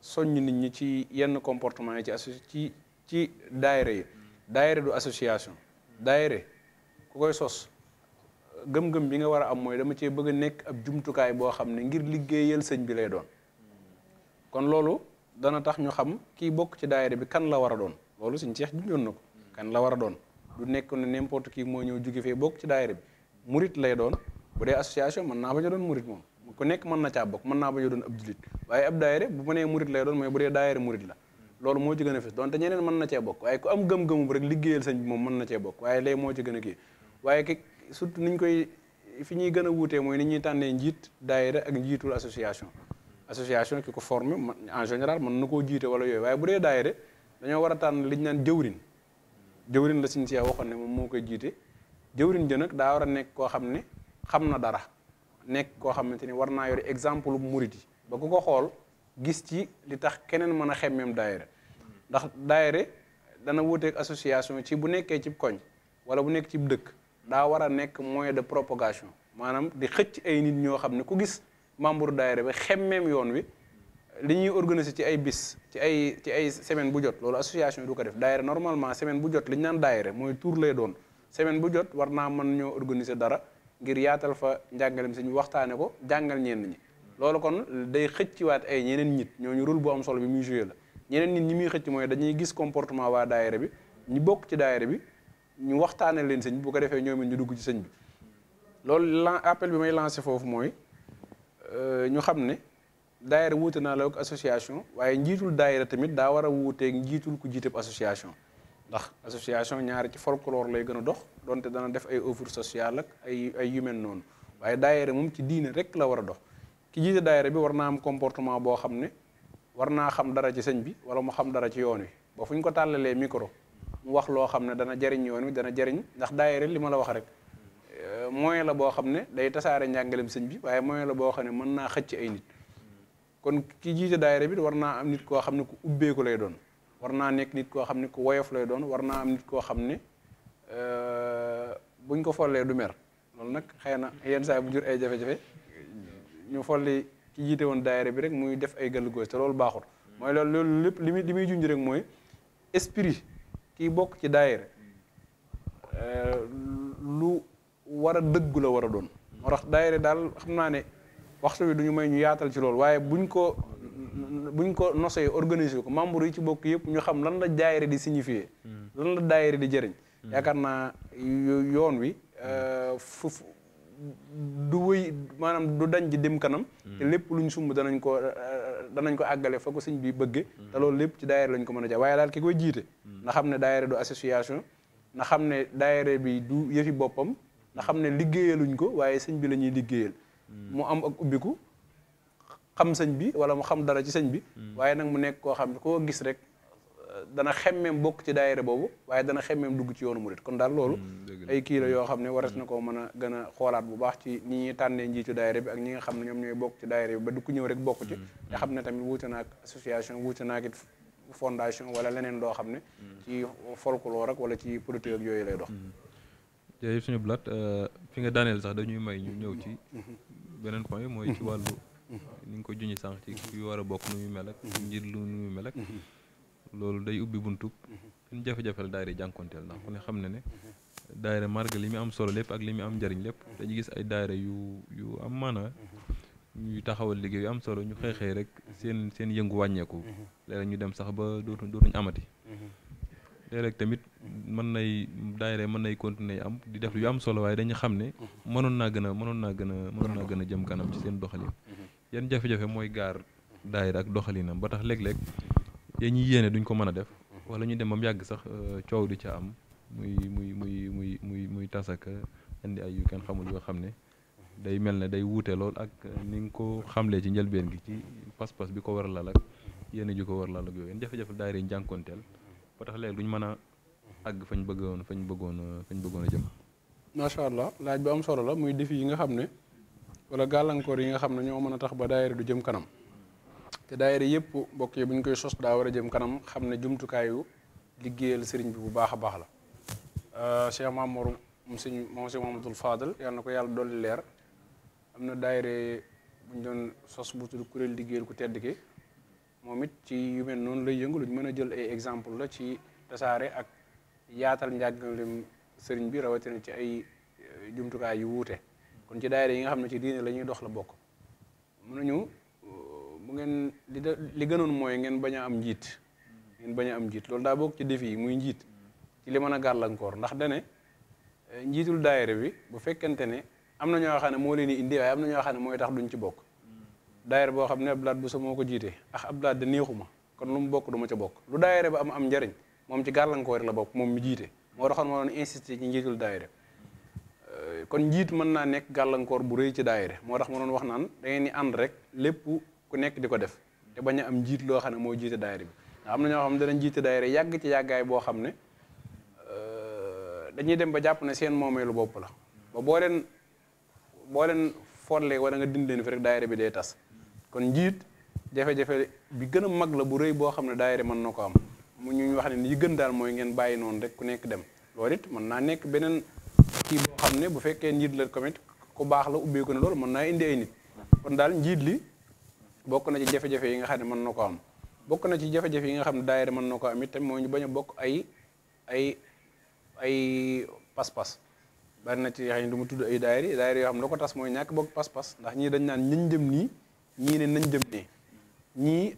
soññ nit ñi ci yenn comportement yi ci asso ci ci daayira yi daayira du association daayira ku koy sos gëm-gëm bi nga war a am mooy dama cee bëgg a nekk ab jumtukaay boo xam ne ngir liggéeyal sëñ bi lay doon kon loolu dana tax ñu xam kii bokk ci daayira bi kan la war a doon loolu suñ seex junjoon na ko kan la war a doon du nekk ne n'importe qui moo ñëw jóge fee bokk ci daayira bi murit lay doon bu dee association mën naa bañ a doon murit moom ku nekk mën na caa bokk mën na bañ a doon ab julit waaye ab mooy bu dee daayira murit loolu moo ci gën a fës donte ñeneen mën na cee bokk waaye ku am gëm liggéeyal sëñ bi moom mën na cee bokk waaye léegi moo ci gën a kii waaye ki surtout niñ koy fi ñuy gën a wuutee mooy ni ñuy tànnee njiit daayira ak njiitul association association ki ko formé en général mën na koo jiite wala yooyu waaye bu dee daayira dañoo war a tànn liñ naan jëwrin jëwrin la suñ seex waxoon ne moom moo koy jiite jëwrin ja nag daa war a nekk koo xam ne xam na dara nekk koo xamante ni war naa yore exemple bu murit yi ba ku ko xool gis ci li tax keneen mën a xemmeem daayira ndax daayira dana wuuteeg association ci bu nekkee cib koñ wala bu nekk ci dëkk daa war a nekk moyen de propagation maanaam di xëcc ay nit ñoo xam ne ku gis membre daayira bi xemmeem yoon wi li ñuy organiser ci ay bis ci ay ci ay semaine bu jot loolu association yi du ko def daayira normalement semaine bu jot li ñu naan daayira mooy tour lay doon semaine bu jot war naa mën ñoo organiser dara ngir yaatal fa njàngalem si ñu waxtaane ko jàngal ñenn ñi loolu kon day xëcciwaat ay ñeneen nit ñu rul bu am solo bi muy joué la ñeneen nit ñi muy xëcc mooy dañuy gis comportement waa daayira bi ñu bokk ci daayira bi ñu waxtaane leen sëñ bu ko defee ñoom ñu dugg ci sëñ bi loolu lan appel bi may lancé foofu mooy euh, ñu xam ne daayira wuute naa la ak association waaye njiitul daayira tamit daa war a wuuteeg njiitul ku jiiteb association ndax association ñaari ci folklore lay gën a dox donte dana def ay œuvre sociale ak ay ay noonu waaye daayira moom ci diine rek la war a dox ki jiite daayira bi war naa am comportement boo xam ne war naa xam dara ci sëñ bi wala mu xam dara ci yoon wi ba fu ñu ko tàllalee micro mu wax loo xam ne dana jariñ yoon wi dana jariñ ndax daayira li ma la wax rek euh, moyen la boo xam ne day tasaare njàngalem sëñ bi waaye moyen la boo xam ne mën naa xëcc ay nit kon ki jiite daayira bi war naa am nit ko xam ne ku ubbeeku lay doon war naa nekk nit ko xam ne ku woyof lay doon war naa am nit koo xam ne euh, buñ ko follee du mer loolu nag xëy na yenn saa bu jur ay jafe-jafe ñu folli ki jiite woon daayira bi rek muy def ay gàllugoos te loolu baaxul. mooy loolu loolu lépp li muy li muy junj rek mooy esprit kiy bokk ci daayira euh, lu war a dëgg war doon. moo tax daayira daal xam naa ne. waxtu bi du ñu may ñu yaatal ci loolu waaye buñ ko buñ ko nosee organiser ko membre yi ci bokk yëpp ñu xam lan la daayira di signifier hmm. lan la daayira di jëriñ hmm. yaakaar naa yoon wi hmm. euh, fu du wëy maanaam du dañ ji dem kanam te lépp luñ sumb danañ ko euh, danañ ko àggale fa ko sëñ bi bëgge te loolu lépp ci daayira lañ ko mën a jaay waaye daal ki koy jiite na xam ne daayira du association na xam ne daayira bi du yëfi boppam na xam ne liggéeyaluñ ko waaye sëñ bi la ñuy liggéeyal mu am ak ubbiku xam sëñ bi wala mu xam dara ci sëñ bi mm. waaye nag mu nekk koo xam ne koo gis rek uh, dana xemmeem bokk ci daayira boobu waaye dana xemmeem dugg ci yoonu murit kon daal loolu mm, ay kii la yoo xam ne waras mm. na koo mën a gën a xoolaat bu baax ci ñi ñuy tànnee njiitu daayira bi ak ñi nga xam ne ñoom ñooy bokk ci daayira bi ba du ñëw rek bokk ci te xam ne tamit wuute naak association wuute naak it fondation wala leneen loo xam ne ci folklore ak wala ci politique yooyu lay dox jërëjëf suñu blat uh, nga daaneel dañuy may ñu ñëw ci mm-hmm. beneen point mooy ci mhm. wàllu mhm. ni ngi ko junj sànq ci kuy war a bokk nu muy mel ak mhm. ngir lu nu muy mel loolu day ubbi buntub suñu jafe-jafe la daayira jànkonteel ndax ku xam ne ne daayira marga li mu am solo lépp ak li muy am njariñ lépp dañu gis ay daayira yu yu am maanaa ñuy taxawal liggéey yu am solo ñu xeexee rek seen seen yëngu wàññeeku léeg ñu dem sax ba dootuñ dootuñ amati léeg-léeg tamit mën nay daayira mën nay continuer am di def yu am solo waaye dañu xam ne mënoon naa gën a mënoon naa gën a mënoon naa gën a jëm kanam ci seen doxalin yan jafe-jafe mooy gaar daayira ak doxalinam ba tax léeg-léeg ya ñuy yéene duñ ko mën a def wala ñu dem yàgg sax euh, coow di ca am muy muy muy muy muy muy tasaka indi ay yu xamul yoo xam ne day mel ne day wuute lool ak ni nga ko xamlee ci njëlbeen gi ci pas-pas bi ko war a lal ak ko war a lal ak yooyu yan jafe ba tax léegi duñ mën a àgg fañ bëggoon fañ bëggoon fañ bëggoon a jëm. macha allah laaj bu solo la muy défi yi nga xam ne wala gàllankoor yi nga xam ne ñoo mën a tax ba daayira du jëm kanam te daayira yëpp mbokk yi bu ñu koy sos daa war a jëm kanam xam ne jumtukaayu liggéeyal sëriñ bi bu baax a baax la. Euh, Cheikh Mamour Moussine Monsieur Mamadou Fadel yal na ko yàlla dolli leer am na daayira bu ñu doon sos bu tudd kuréel liggéeyal ku tedd ki moom it ci yu mel noonu lay yëngu lu mën a jël ay exemple la ci tasaare ak yaatal njàngalem sëriñ bi rawatina ci ay euh, jumtukaay yu wuute kon ci daayira yi nga xam ne ci diine lañuy dox la bokk mun mënuñu euh, bu ngeen li li gënoon mooy ngeen bañ am njiit ngeen bañ am njiit loolu daa bokk ci défi yi muy njiit ci li mën a gàllankoor ndax dane euh, njiitul daayira bi bu fekkente ne am na ñoo xam ne moo leen di indi waaye am na ñoo xam ne mooy tax duñ ci bokk daayira boo xam ne abdulaat bu sa moo ko jiite ah abdulaat da neexuma kon lu mu bokk du ma ca bokk lu daayira ba am am njariñ moom ci gàllankoor la bokk moom mi jiite moo taxoon ma doon insister ci njiitul daayira euh, kon njiit mën naa nekk gàllankoor bu rëy ci daayira moo tax ma doon wax naan da ngeen ni ànd rek lépp ku nekk di ko def te bañ a am njiit loo xam ne moo jiite daayira bi am na ñoo xam ne danañ jiite daayira yàgg ci yàggaay boo xam ne euh, dañuy dem ba jàpp ne seen moomeelu bopp la boo leen boo leen follee wala nga dind leen fi rek bi day tas kon njiit jafe-jafe bi gën a mag la bu rëy boo xam ne daayira mën na ko am mu ñu wax ne yi gën daal mooy ngeen bàyyi noonu rek ku nekk dem loolu it mën naa nekk beneen kii boo xam ne bu fekkee njiit la tamit ku baax la ubbeeku ne lool mën naa indi ay nit kon daal njiit li bokk na ci jafe-jafe yi nga xam ne mën na ko am bokk na ci jafe yi nga xam ne daayira mën na ko am itam mooy ñu bañ a bokk ay ay ay pas-pas bari na ci yoo xam mu tudd ay daayira daayira yoo xam ne ko tas mooy ñàkk bokk pas-pas ndax ñii dañ naan ñiñ jëm ñii ne nañ dem ne ñii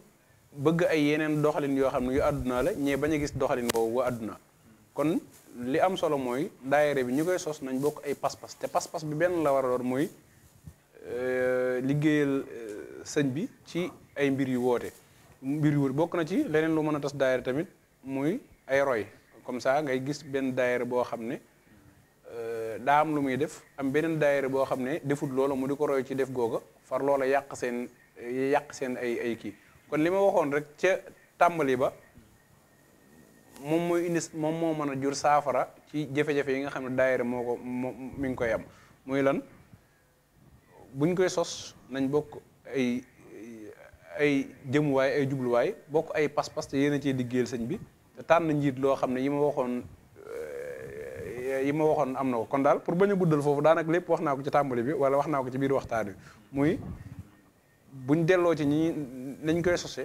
bëgg ay yeneen doxalin yoo xam ne yu àdduna la ñee bañ a gis doxalin boobu wa àdduna kon li am solo mooy daayere bi ñu koy sos nañ bokk ay pas-pas te pas-pas bi benn la war a doon mooy euh, liggéeyal euh, sëñ bi ci ay mbir yu woote mbir yu bokk na ci leneen lu mën a tas daayere tamit muy ay roy comme ça ngay gis benn daayere boo xam ne euh, daa am lu muy def am beneen daayere boo xam ne defut loola mu di ko roy ci def googa far loola yàq seen yàq seen ay ay kii kon li ma waxoon rek ca tàmbali ba moom mooy indi moom moo mën a jur saafara ci jafe-jafe yi nga xam ne daayira moo ko moo mi ngi koy am muy lan buñ koy sos nañ bokk ay ay jëmuwaay ay jubluwaay bokk ay pas-pas te yéen a cee liggéeyal sëñ bi te tànn njiit loo xam ne yi ma waxoon yi ma waxoon am na ko kon daal pour bañ a guddal foofu daanaka lépp wax naa ko ci tàmbali bi wala wax naa ko ci biir waxtaan wi muy buñ delloo ci ñi nañ koy sose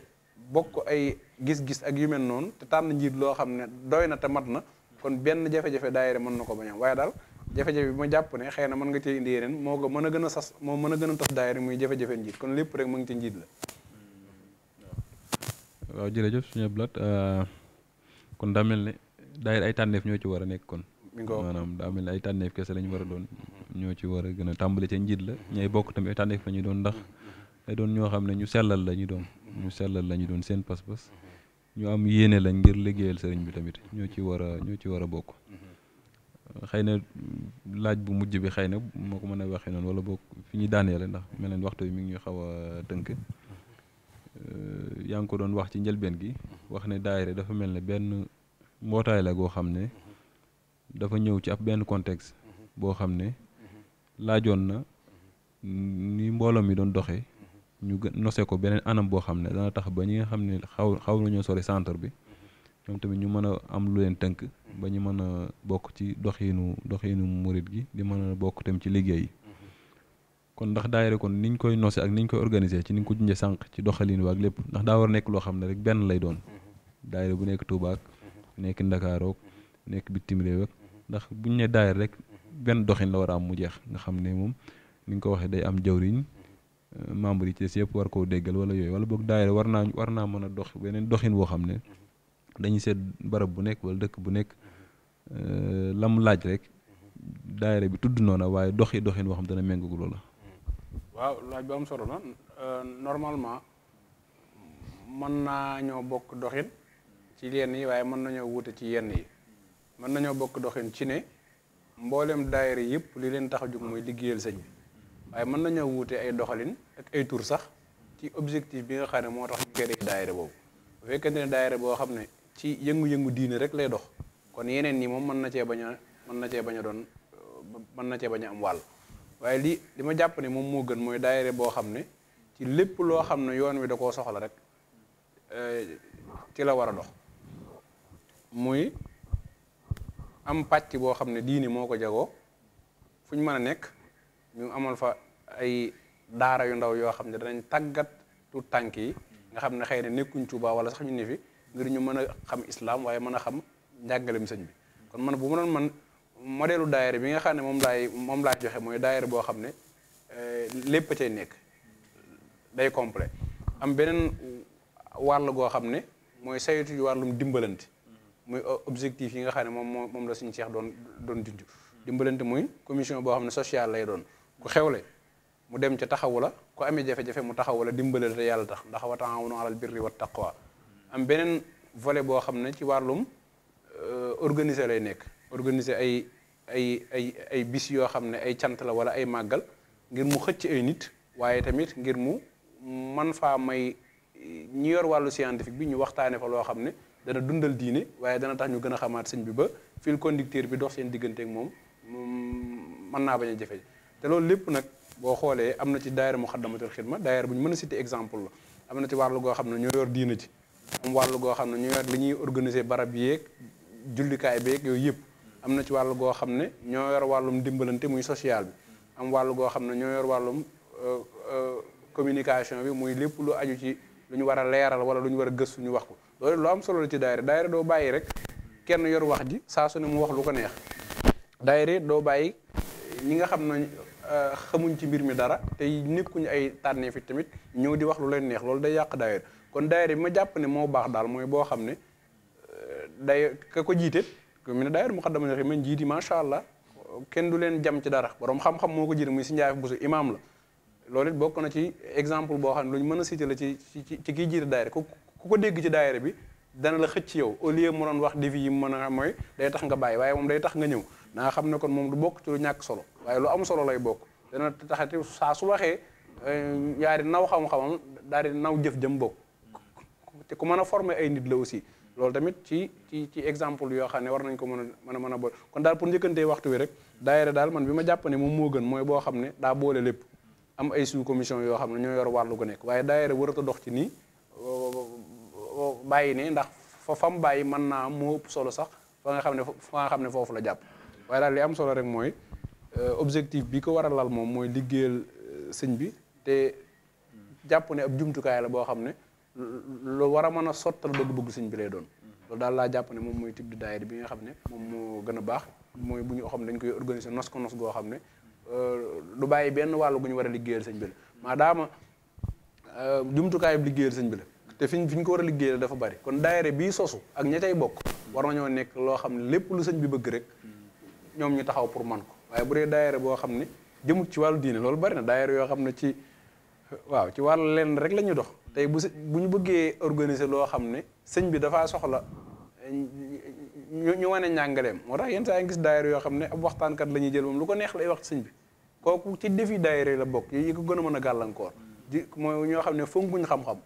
bokk ay gis-gis ak yu mel noonu te tànn njiit loo xam ne doy na te mat na kon benn jafe-jafe daayira mën na ko bañ waaye daal jafe-jafe bi ma jàpp ne xëy na mën nga cee indi yeneen moo ko mën a gën a sas moo mën a gën a tas daayira muy jafe-jafe njiit kon lépp rek mu ngi ci njiit la. waaw jërëjëf suñu Abdoulaye kon daa mel ñoo ci war a nekk mi ngoo maanaam daa mel ay tànneef kese la ñu war a doon ñoo ci war a gën a tàmbali ca njiit la ñay bokk tamit ay tànneef la ñuy ndax day doon ñoo xam ne ñu sellal la ñu doon ñu sellal la ñu doon seen pas-pas ñu am yéene lañ ngir liggéeyal sëriñ bi tamit ñoo ci war a ñoo ci war a bokk xëy na laaj bu mujj bi xëy na moo ko mën a waxee noonu wala bokk fi ñuy daaneele ndax mel na waxtu bi mi ngi ñuy xaw a tënk yaa ngi ko doon wax ci njëlbeen gi wax ne daayira dafa mel ne benn mbootaay la goo xam ne dafa ñëw ci ab benn contexte boo xam ne laajoon na ni mbooloo mi doon doxee ñu nose ko beneen anam boo xam ne dana tax ba ñi nga xam ne xaw xaw nañoo sori centre bi ñoom tamit ñu mën a am lu leen tënk ba ñu mën a bokk ci doxiinu doxiinu murit gi di mën a bokk tam ci liggéey yi kon ndax daayira kon niñ koy nose ak niñ koy organiser ci niñ ko junjee sànq ci doxalin ak lépp ndax daa war nekk loo xam ne rek benn lay doon daayira bu nekk tuubaak ak nekk Ndakaarook nekk bitim réew ak ndax bu buñ ne daayir rek benn doxin la war a am mu jeex nga xam ne moom ni ñu ko waxee day am jawriñ euh, membre yi ci des war koo déggal wala yooyu wala boog daayir war naa war naa mën a dox beneen boo xam ne dañuy seet barab bu nekk wala dëkk bu nekk euh, lam laaj rek daayira bi tudd noona waaye doxi doxin boo xam te ne méngóog loola. waaw laaj bu am solo la euh, normalement mën naa ñoo bokk doxin ci yenn yi waaye mën nañoo wuute ci yenn yi. mën nañoo bokk doxin ci ne mboolem daayira yëpp li leen tax a jug mooy liggéeyal sëñ waaye mën nañoo wuute ay doxalin ak ay tur sax ci objectif bi nga xam ne moo tax ñu koy boobu bu fekkente ne daayira boo xam ne ci yëngu diine rek lay dox kon yeneen nii moom mën na cee bañ a mën na cee bañ a doon mën na cee bañ am wàll waaye li li ma jàpp ne moom moo gën mooy daayira boo xam ne ci lépp loo xam ne yoon wi da koo soxla rek euh, ci la war a dox muy am pàcc boo xam ne diini moo ko jagoo fu ñu mën a nekk ñu amal fa ay daara yu ndaw yoo xam ne danañ tàggat tuut tànk yi nga xam ne xëy na nekkuñ Tuuba wala sax ñu ne ngir ñu mën a xam islam waaye mën a xam njàngalem sëñ bi kon man bu ma doon man modelu daayira bi nga xam ne moom laay moom laay joxe mooy daayira boo xam ne eh, lépp cay nekk day complet am beneen wàll goo xam ne mooy saytu wàllum dimbalante muy objectif yi nga xam ne moom moom la suñu Cheikh doon doon junj dimbalante muy commission boo xam ne sociale lay doon ku xew le mu dem ca taxawu la ku amee jafe-jafe mu taxawu la dimbalal te yàlla tax ndax wa taawanu alal birri wat taqwa am beneen vole boo xam ne ci wàllum euh, organiser lay nekk organiser ay ay ay ay bis yoo xam ne ay cant la wala ay màggal ngir mu xëcc ay nit waaye tamit ngir mu man faa may ñi yor wàllu scientifique bi ñu waxtaane fa loo xam ne dana dundal diine waaye dana tax ñu gën a xamaat sëñ bi ba fil conducteur bi dox seen digganteeg moom mën naa bañ a jafe te loolu lépp nag boo xoolee am na ci daayira Muxaddamatul Xidma daayira bu ñu mën a citer exemple la am na ci wàllu goo xam ne ñoo yor diina ci am wàllu goo xam ne ñoo yor li ñuy barab yeeg jullikaay beeg yooyu yëpp am na ci wàllu goo xam ne ñoo yor wàllum dimbalante muy social bi am wàll goo xam ne ñoo yor wàllum euh, euh, communication bi muy lépp lu aju ci lu ñu war a leeral wala lu ñu war a gëstu wax ko loolu lu am solo lu ci daayira daayira doo bàyyi rek kenn yor wax ji saa su ne mu wax lu ko neex daayira doo bàyyi ñi nga xam ne euh, xamuñ ci mbir mi dara te nekkuñ ay tànnee fi tamit ñëw di wax lu leen neex loolu day yàq daayira kon daayira bi ma jàpp ne moo baax daal mooy boo xam ne euh, day ka ko jiite ku mu ne daayira Muxaddamatul Xidma man jiiti macha allah kenn du leen jam ci dara borom xam-xam moo ko jiite muy si njaayef busu imaam la loolu it bokk na ci exemple boo xam ne lu mën a cité ci ci ci kiy jiite daayira ku ku ko dégg ci daayira bi dana la xëcc yow au lieu mu doon wax difi yi mu mën a mooy day tax nga bàyyi waaye moom day tax nga ñëw na nga xam ne kon moom du bokk ci lu solo waaye lu am solo lay bokk dana taxati saa su waxee euh, yaari naw xam daal di naw jëf-jëm bokk te ku mën a former ay nit la aussi loolu tamit ci ci ci exemple yoo xam ne war nañ ko mën a mën a mën a boole daal pour njëkkantee waxtu wi rek daayira daal man bi ma jàpp ne moom moo gën mooy boo xam ne daa boole lépp am ay sous commission yoo xam ne ñoo yor wàllu ko nekk waaye daayira warata dox ci nii bàyyi ne ndax fa fam bàyyi man naa moo ëpp solo sax fa nga xam ne fa nga xam ne foofu la jàpp waaye daal li am solo rek mooy euh, objectif bi ko war a lal moom mooy liggéeyal euh, sëñ bi te jàpp ne ab jumtukaay la boo xam ne lu war a mën a sottal bëgg-bëgg sëñ bi lay doon loolu daal laa jàpp ne moom mooy type bi nga xam ne moom moo gën a mooy bu ñu xam dañ koy organiser nos goo xam ne euh, du bàyyi benn wàll gu ñu war a liggéeyal sëñ bi la maadaama jumtukaay bi liggéeyal sëñ bi la te fiñ fi ñu ko war a liggéey dafa bari kon daayira bii sosu ak ña tey bokk war ñoo nekk loo xam ne lépp lu sëñ bi bëgg rek ñoom ñu taxaw pour man ko waaye bu dee daayira boo xam ne jëmut ci wàllu diine loolu bari na daayira yoo xam ne ci waaw ci wàllu lenn rek la ñu dox tey bu bu ñu bëggee organiser loo xam ne sëñ bi dafaa soxla ñu ñu wane ñàngaleem moo tax yenn saa yi gis daayira yoo xam ne ab waxtaankat la ñuy jël moom lu ko neex lay wax sëñ bi kooku ci defi daayira la bokk yi ko gën a mën a gàllankoor mooy ñoo xam ne fonkuñ xam-xam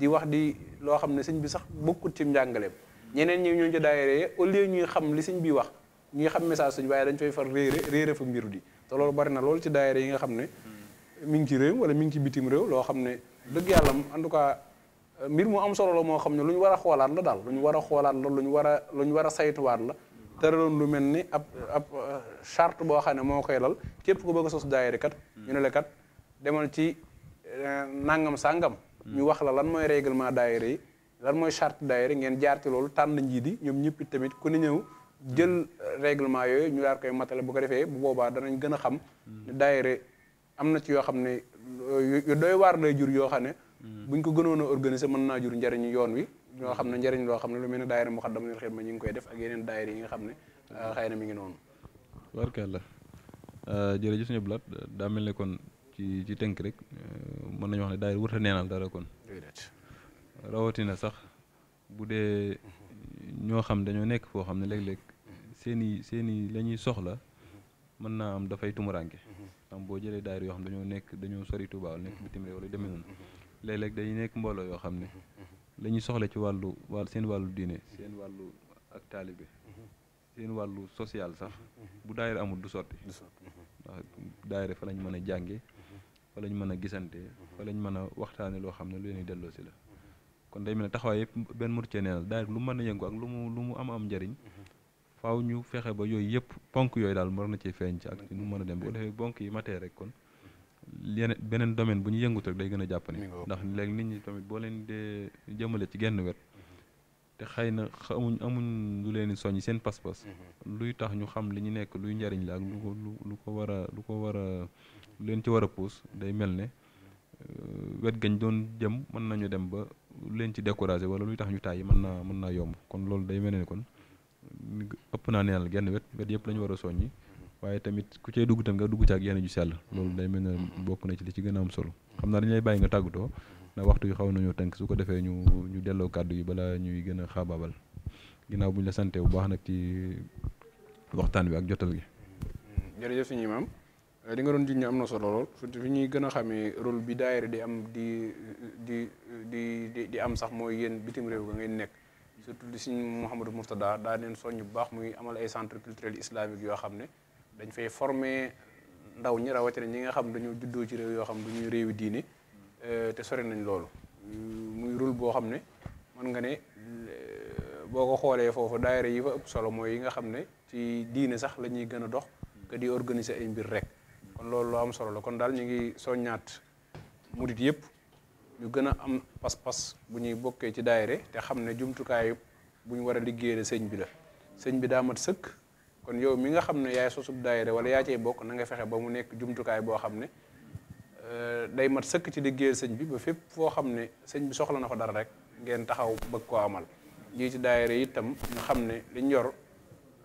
di wax di loo xam ne sëñ bi sax bokkut ci njàngaleem ñeneen ñi ñoo ci daayira au lieu ñuy xam li sëñ bi wax ñuy xam message sëñ waaye dañ koy far réere réere fa mbiru di te loolu barina na loolu ci daayira yi nga xam ne mi ngi ci réew wala mi ngi ci bitim réew loo xam ne dëgg yàlla en tout cas euh, mbir mu am solo la moo xam ne lu ñu war a xoolaat la daal lu ñu war a xoolaat la lu ñu war a lu ñu war a saytuwaat la tëraloon lu mel ni ab ab euh, charte boo xam ne moo koy lal képp ku bëgg a sos daayira kat ñu ne la kat demal ci euh, nangam sàngam ñu wax la lan mooy réglement daayira yi lan mooy charte daayira ngeen jaar ci loolu tànn njiit yi ñoom ñëpp tamit ku ne ñëw jël règlement yooyu ñu daal koy matale bu ko defee bu boobaa danañ gën a xam ne daayira am na ci yoo xam ne yu waar lay jur yoo xam ne buñ ko gënoon a organiser mën naa jur njariñu yoon wi ñoo xam ne njariñ loo xam ne lu mel ne daayira Moukhaddamatoul Khidma ñu ngi koy def ak yeneen daayira yi nga xam ne xëy na mi ngi noonu barkalla euh, jërëjëf sëñ Blaat daa ci ci tënk rek euh, mën nañu wax ne daayira wërta neenal dara kon rawatina sax bu dee ñoo xam dañoo nekk foo xam ne léeg-léeg seen seen i la soxla mën naa am dafay tumuranke boo jëlee daayira yoo dañoo nekk dañoo sori Tuubaa nekk bitim réew wala demee noonu léeg-léeg dañuy nekk mbooloo yoo xam ne la soxla ci wàllu wàll seen wàllu diine seen wàllu ak taalibe seen wàllu social sax bu daayira amul du sotti ndax fa lañ mën a jànge fa lañ mën a gisante mhm. fa lañ mën a waxtaane loo xam ne lu leen di delloo si la kon day mel ne taxawaay yëpp benn murit nee na daal lu mën a yëngu ak lu mu am am njariñ mhm. faaw ñu fexe ba yooyu yëpp ponk yooyu daal war na ci feeñ ci ak nu mën a dem boo mhm. defee bonk yi matee rek kon yeneen beneen domaine bu ñu yëngut rek day gën a jàppane ndax léegi nit ñi tamit boo leen dee jëmale ci genn wet te xëy na amuñ amuñ lu leen di soññ seen pas-pas. Mm-hmm. luy tax ñu xam li ñu nekk luy njariñ la ak lu ko lu ko war a lu ko war a lu leen ci war a puus day mel ne euh, wet gañ doon jëm mën nañu dem ba lu leen ci découragé wala luy tax ñu tàyyi mën naa mën naa yomb kon loolu day mel ne kon ëpp naa neenal genn wet wet yëpp la ñu war a soññi. Mm-hmm. waaye tamit ku cay dugg tam nga dugg ci ak yenn ju sell loolu day mel ne mm-hmm. bokk na ci li ci gën a am solo xam naa dañu lay bàyyi nga tàggatoo. na waxtu yi xaw nañoo tënk su ko defee ñu ñu delloo kàddu yi balaa ñuy gën a xaabaabal ginaaw bu ñu la sante bu baax nag ci waxtaan wi ak jotal gi. jërëjëf suñu maam eh, li nga doon junj am na solo lool surtout fi ñuy gën a xamee rôle bi daayira di am di di di di am sax mooy yéen bitim réew ga ngeen nekk. surtout li suñu Mouhamadou Mourtada daa leen soññ bu baax muy amal ay centre culturel islamique yoo xam ne dañ fay former ndaw ñi rawatina ñi nga xam dañoo juddoo ci réew yoo xam du ñuy réewi diine. Euh, te sori nañ loolu muy rôle boo xam ne mën nga ne euh, boo ko xoolee foofu daayira yi fa ëpp solo mooy yi nga xam ne ci diine sax la ñuy gën a dox que di organiser ay mbir rek kon loolu loo am solo la kon daal ñu ngi soññaat murit yëpp ñu gën a am pas-pas bu ñuy bokkee ci daayira te xam ne jumtukaay bu ñu war a liggéeyee sëñ bi la sëñ bi daa mat sëkk kon yow mi nga xam ne yaay sosub daayira wala yaa cay bokk na nga fexe ba mu nekk jumtukaay boo xam ne Euh, day mat sëkk ci liggéeyal sëñ bi ba fépp foo xam ne sëñ bi soxla na ko dara rek ngeen taxaw bëgg koo amal ji ci daayira tam ñu xam ne liñ yor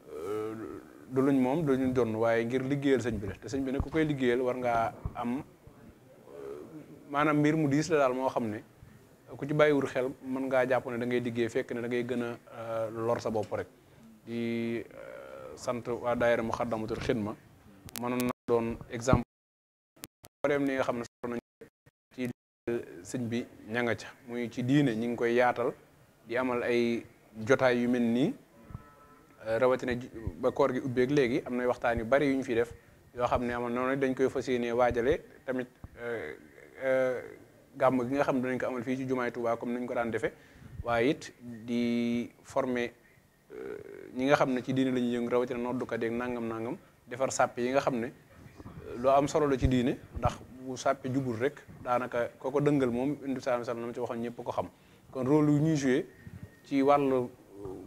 euh, du luñ moom du ñu donn waaye ngir liggéeyal sëñ bi la te sëñ bi ne ku koy liggéeyal war ngaa am euh, maanaam mbir mu diis la daal moo xam ne ku ci bàyyiwul xel mën ngaa jàpp ne dangay liggéey fekk ne da ngay gën a lor sa bopp rek di sant waa daayira mu xaddamatul xidma mënoon na doon mboolem li nga xam ne solo nañ ci bi ña nga ca muy ci diine ñi ngi koy yaatal di amal ay jotaay yu mel nii rawatina ba koor gi ubbeeg léegi am na waxtaan yu bari yu ñu fi def yoo xam ne amal noonu dañ koy fas yéenee waajale tamit eh, eh, gàmm gi nga xam ne dinañ ko amal fii ci jumaay Tuubaa comme ko daan defee waaye it di former eh, ñi nga xam ne ci diine la ñuy yëngu rawatina noddukat yeeg nangam nangam defar sàpp yi nga xam ne. lu am solo la ci diine ndax bu sàppe jubul rek daanaka ko dëngal moom indi saa sal na ma ci waxoon ñëpp ko xam kon rôle yu ñuy joué ci wàll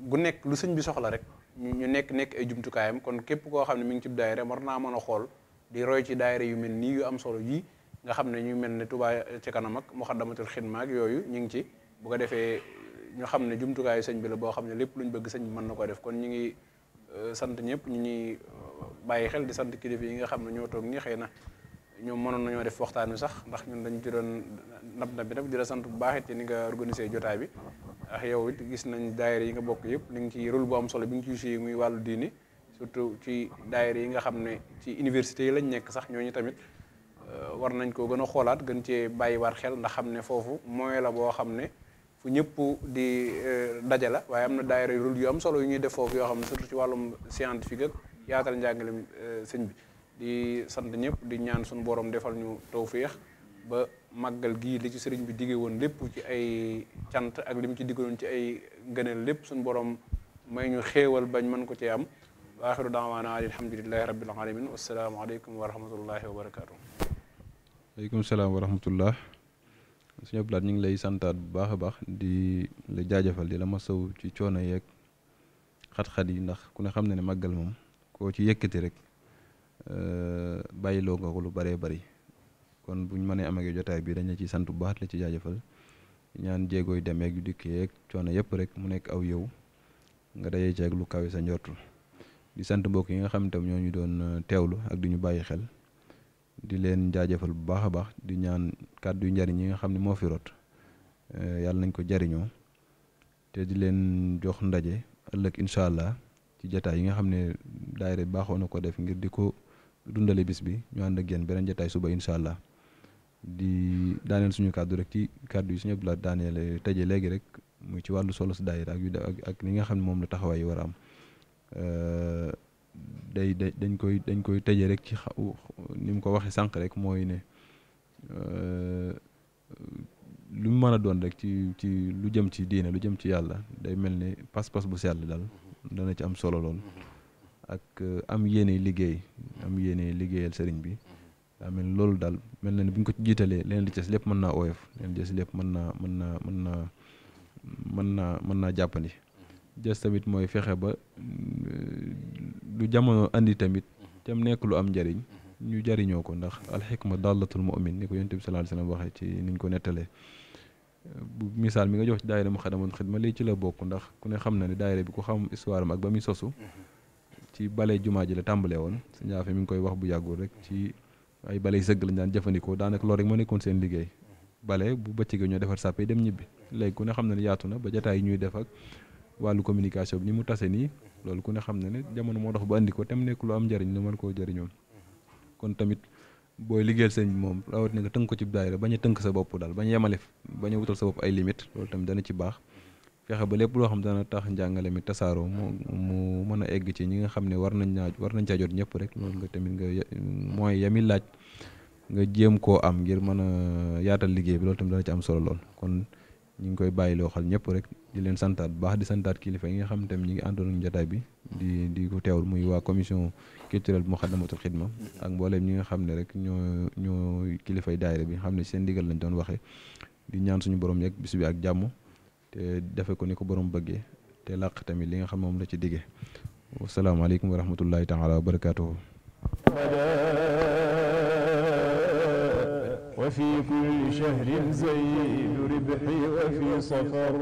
gu nekk lu sëñ bi soxla rek ñu nekk nekk ay jumtukaayam kon képp koo xam ne mu ngi ci daayira war naa mën a xool di roy ci daayira yu mel nii yu am solo yi nga xam ne ñu mel ne Touba ci kanam ak Moukhaddamatoul Khidma ak yooyu ñu ngi ci bu ko defee ñu xam ne jumtukaayu sëñ bi la boo xam ne lépp luñ bëgg sëñ mën na ko def kon ñu ngi Euh, sant ñëpp ñu ñuy euh, bàyyi xel di sant kilifa yi nga xam ne ñoo toog nii xëy na ñoom mënoon nañoo def waxtaan wi sax ndax ñun dañu ci doon nab nab bi nag di sant bu baax it ni nga organisé bi ak yow gis nañ daayira yi nga bokk yëpp ni ngi ci rôle bu am solo bi nga ciy joué muy wàllu diini surtout ci daayira yi nga xam ne ci université yi lañ nekk sax ñooñu tamit euh, war nañ ko gën a xoolaat gën cee bàyyiwaat xel ndax xam ne foofu moyen la boo xam ne ñëpp di euh, daje la waaye am na mm. daayira rôle yu am solo yu ñuy def foofu yoo xam ne surtout ci wàllum scientifique ak yaatal njàngalem euh, sëñ bi di sant ñëpp di ñaan suñu boroom defal ñu tawféex ba màggal gii li ci sëriñ bi diggee woon lépp ci ay cant ak li mu ci diggoon ci ay gëneel lépp suñu boroom may ñu xewal bañ mën ko cee am wa axiru daawaana ani alhamdulilahi rabbil alamin wassalaamu aleykum wa rahmatullahi wa barakaatu. aleykum salaam wa rahmatullah suñu plaat ñu ngi lay santaat bu baax a baax di la jaajëfal di la ma masaw ci coono yeeg xat-xat yi ndax ku ne xam ne ne màggal moom koo ci yëkkati rek euh, bàyyiloo nga ko lu bëree bëri kon buñ mënee am ak jotaay bii dañ la ci sant bu baax la ci jaajëfal ñaan jéegooy demeeg yu dikk yeeg coono yëpp rek mu nekk aw yow nga dayee ceeg lu yi sa njortu di sant mbokk yi nga xam tam ñoo ñu doon euh, teewlu ak du ñu bàyyi xel di leen jaajëfal bu baax a baax di ñaan kàddu yu njariñ yi nga xam ne moo fi rot eh, yàlla nañ ko jariñoo te di leen jox ndaje ëllëg allah ci jataay yi nga xam ne daayira baaxoo na ko def ngir di ko dundale bis bi ñu ànd ak yéen beneen jataay suba incha allah di daaneel suñu kàddu rek ci kàddu yi suñu la daaneel eh, taje léegi rek muy ci wàllu solo si daayira ak ak li nga xam ne moom la taxawaay yi war a am eh, day day dañ koy dañ koy tëje rek ci ni mu ko waxee sànq rek mooy ne euh, lu mu mën a doon rek ci ci lu jëm ci diine lu jëm ci yàlla day mel ni pas-pas bu sell daal dana ci am solo lool ak euh, am yéene liggéey am yéene liggéeyal sëriñ bi daa mel loolu daal mel na ni buñ ñu ko jiitalee leneen li des lépp mën naa oyof leneen li des lépp mën naa mën naa mën naa mën naa mën naa jàppandi des tamit mooy fexe ba mm, lu jamono andi tamit te mu nekk lu am njariñ ñu jariñoo ko ndax alxikma dallatul mu'min ni ko yonent bi sallallahu alayhi wasallam waxee ci niñ ko nettalee bu misaal mi nga jox ci daayira mu xadamoon xidma li ci la bokk ndax ku ne xam na ne daayira bi ku xam histoire am ak ba muy sosu ci bale jumaa ji la tàmbalee woon sëñ Afe mi ngi koy wax bu yàggul rek ci ay bale sëgg lañ daan jëfandikoo daanaka loolu rek moo nekkoon seen liggéey bale bu bëccëgee ñoo defar sàppe dem ñibbi léegi ku ne xam na ne yaatu na ba jataay yi ñuy def ak wàllu communication bi ni mu tase nii loolu ku ne xam ne ne jamono moo dox ba andi ko tam nekk lu am njëriñ lu mën koo jëriñoon kon tamit booy liggéeyal sëñ bi moom rawat na nga ko ci daayira bañ tënk sa bopp daal bañ a yemale bañ a wutal sa bopp ay limite loolu tamit dana ci baax fexe ba lépp loo xam dana tax njàngale mi tasaaroo mu mu mën egg ci ñi nga xam ne war nañ naa war nañ caa ñëpp rek loolu nga tamit nga mooy yemi laaj nga jéem koo am ngir mën a yaatal liggéey bi loolu tamit dana ci am solo lool kon ñu ngi koy bàyyiloo xel ñëpp rek di leen santaat bu baax di santaat kilifa yi nga xam tamit ñi ngi àndoon ak jotaay bi di di ko teewul muy waa commission culturelle bu Moukhaddamatoul Khidma ak mbooleem ñi nga xam ne rek ñoo ñoo kilifay daayira bi nga xam ne seen ndigal lañ doon waxee di ñaan suñu borom yeeg bis bi ak jàmm te defe ko ni ko borom bëggee te làq tamit li nga xam moom la ci diggee wasalaamaaleykum wa rahmatullahi taala wa barakaatuhu وفي كل شهر زيد ربحي وفي صفر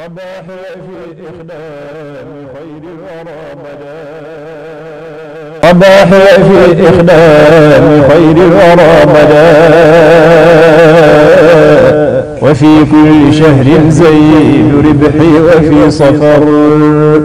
صباح وفي إخدام خير الورى بدا صباح وفي إخدام خير الورى بدا وفي كل شهر زيد ربحي وفي صفر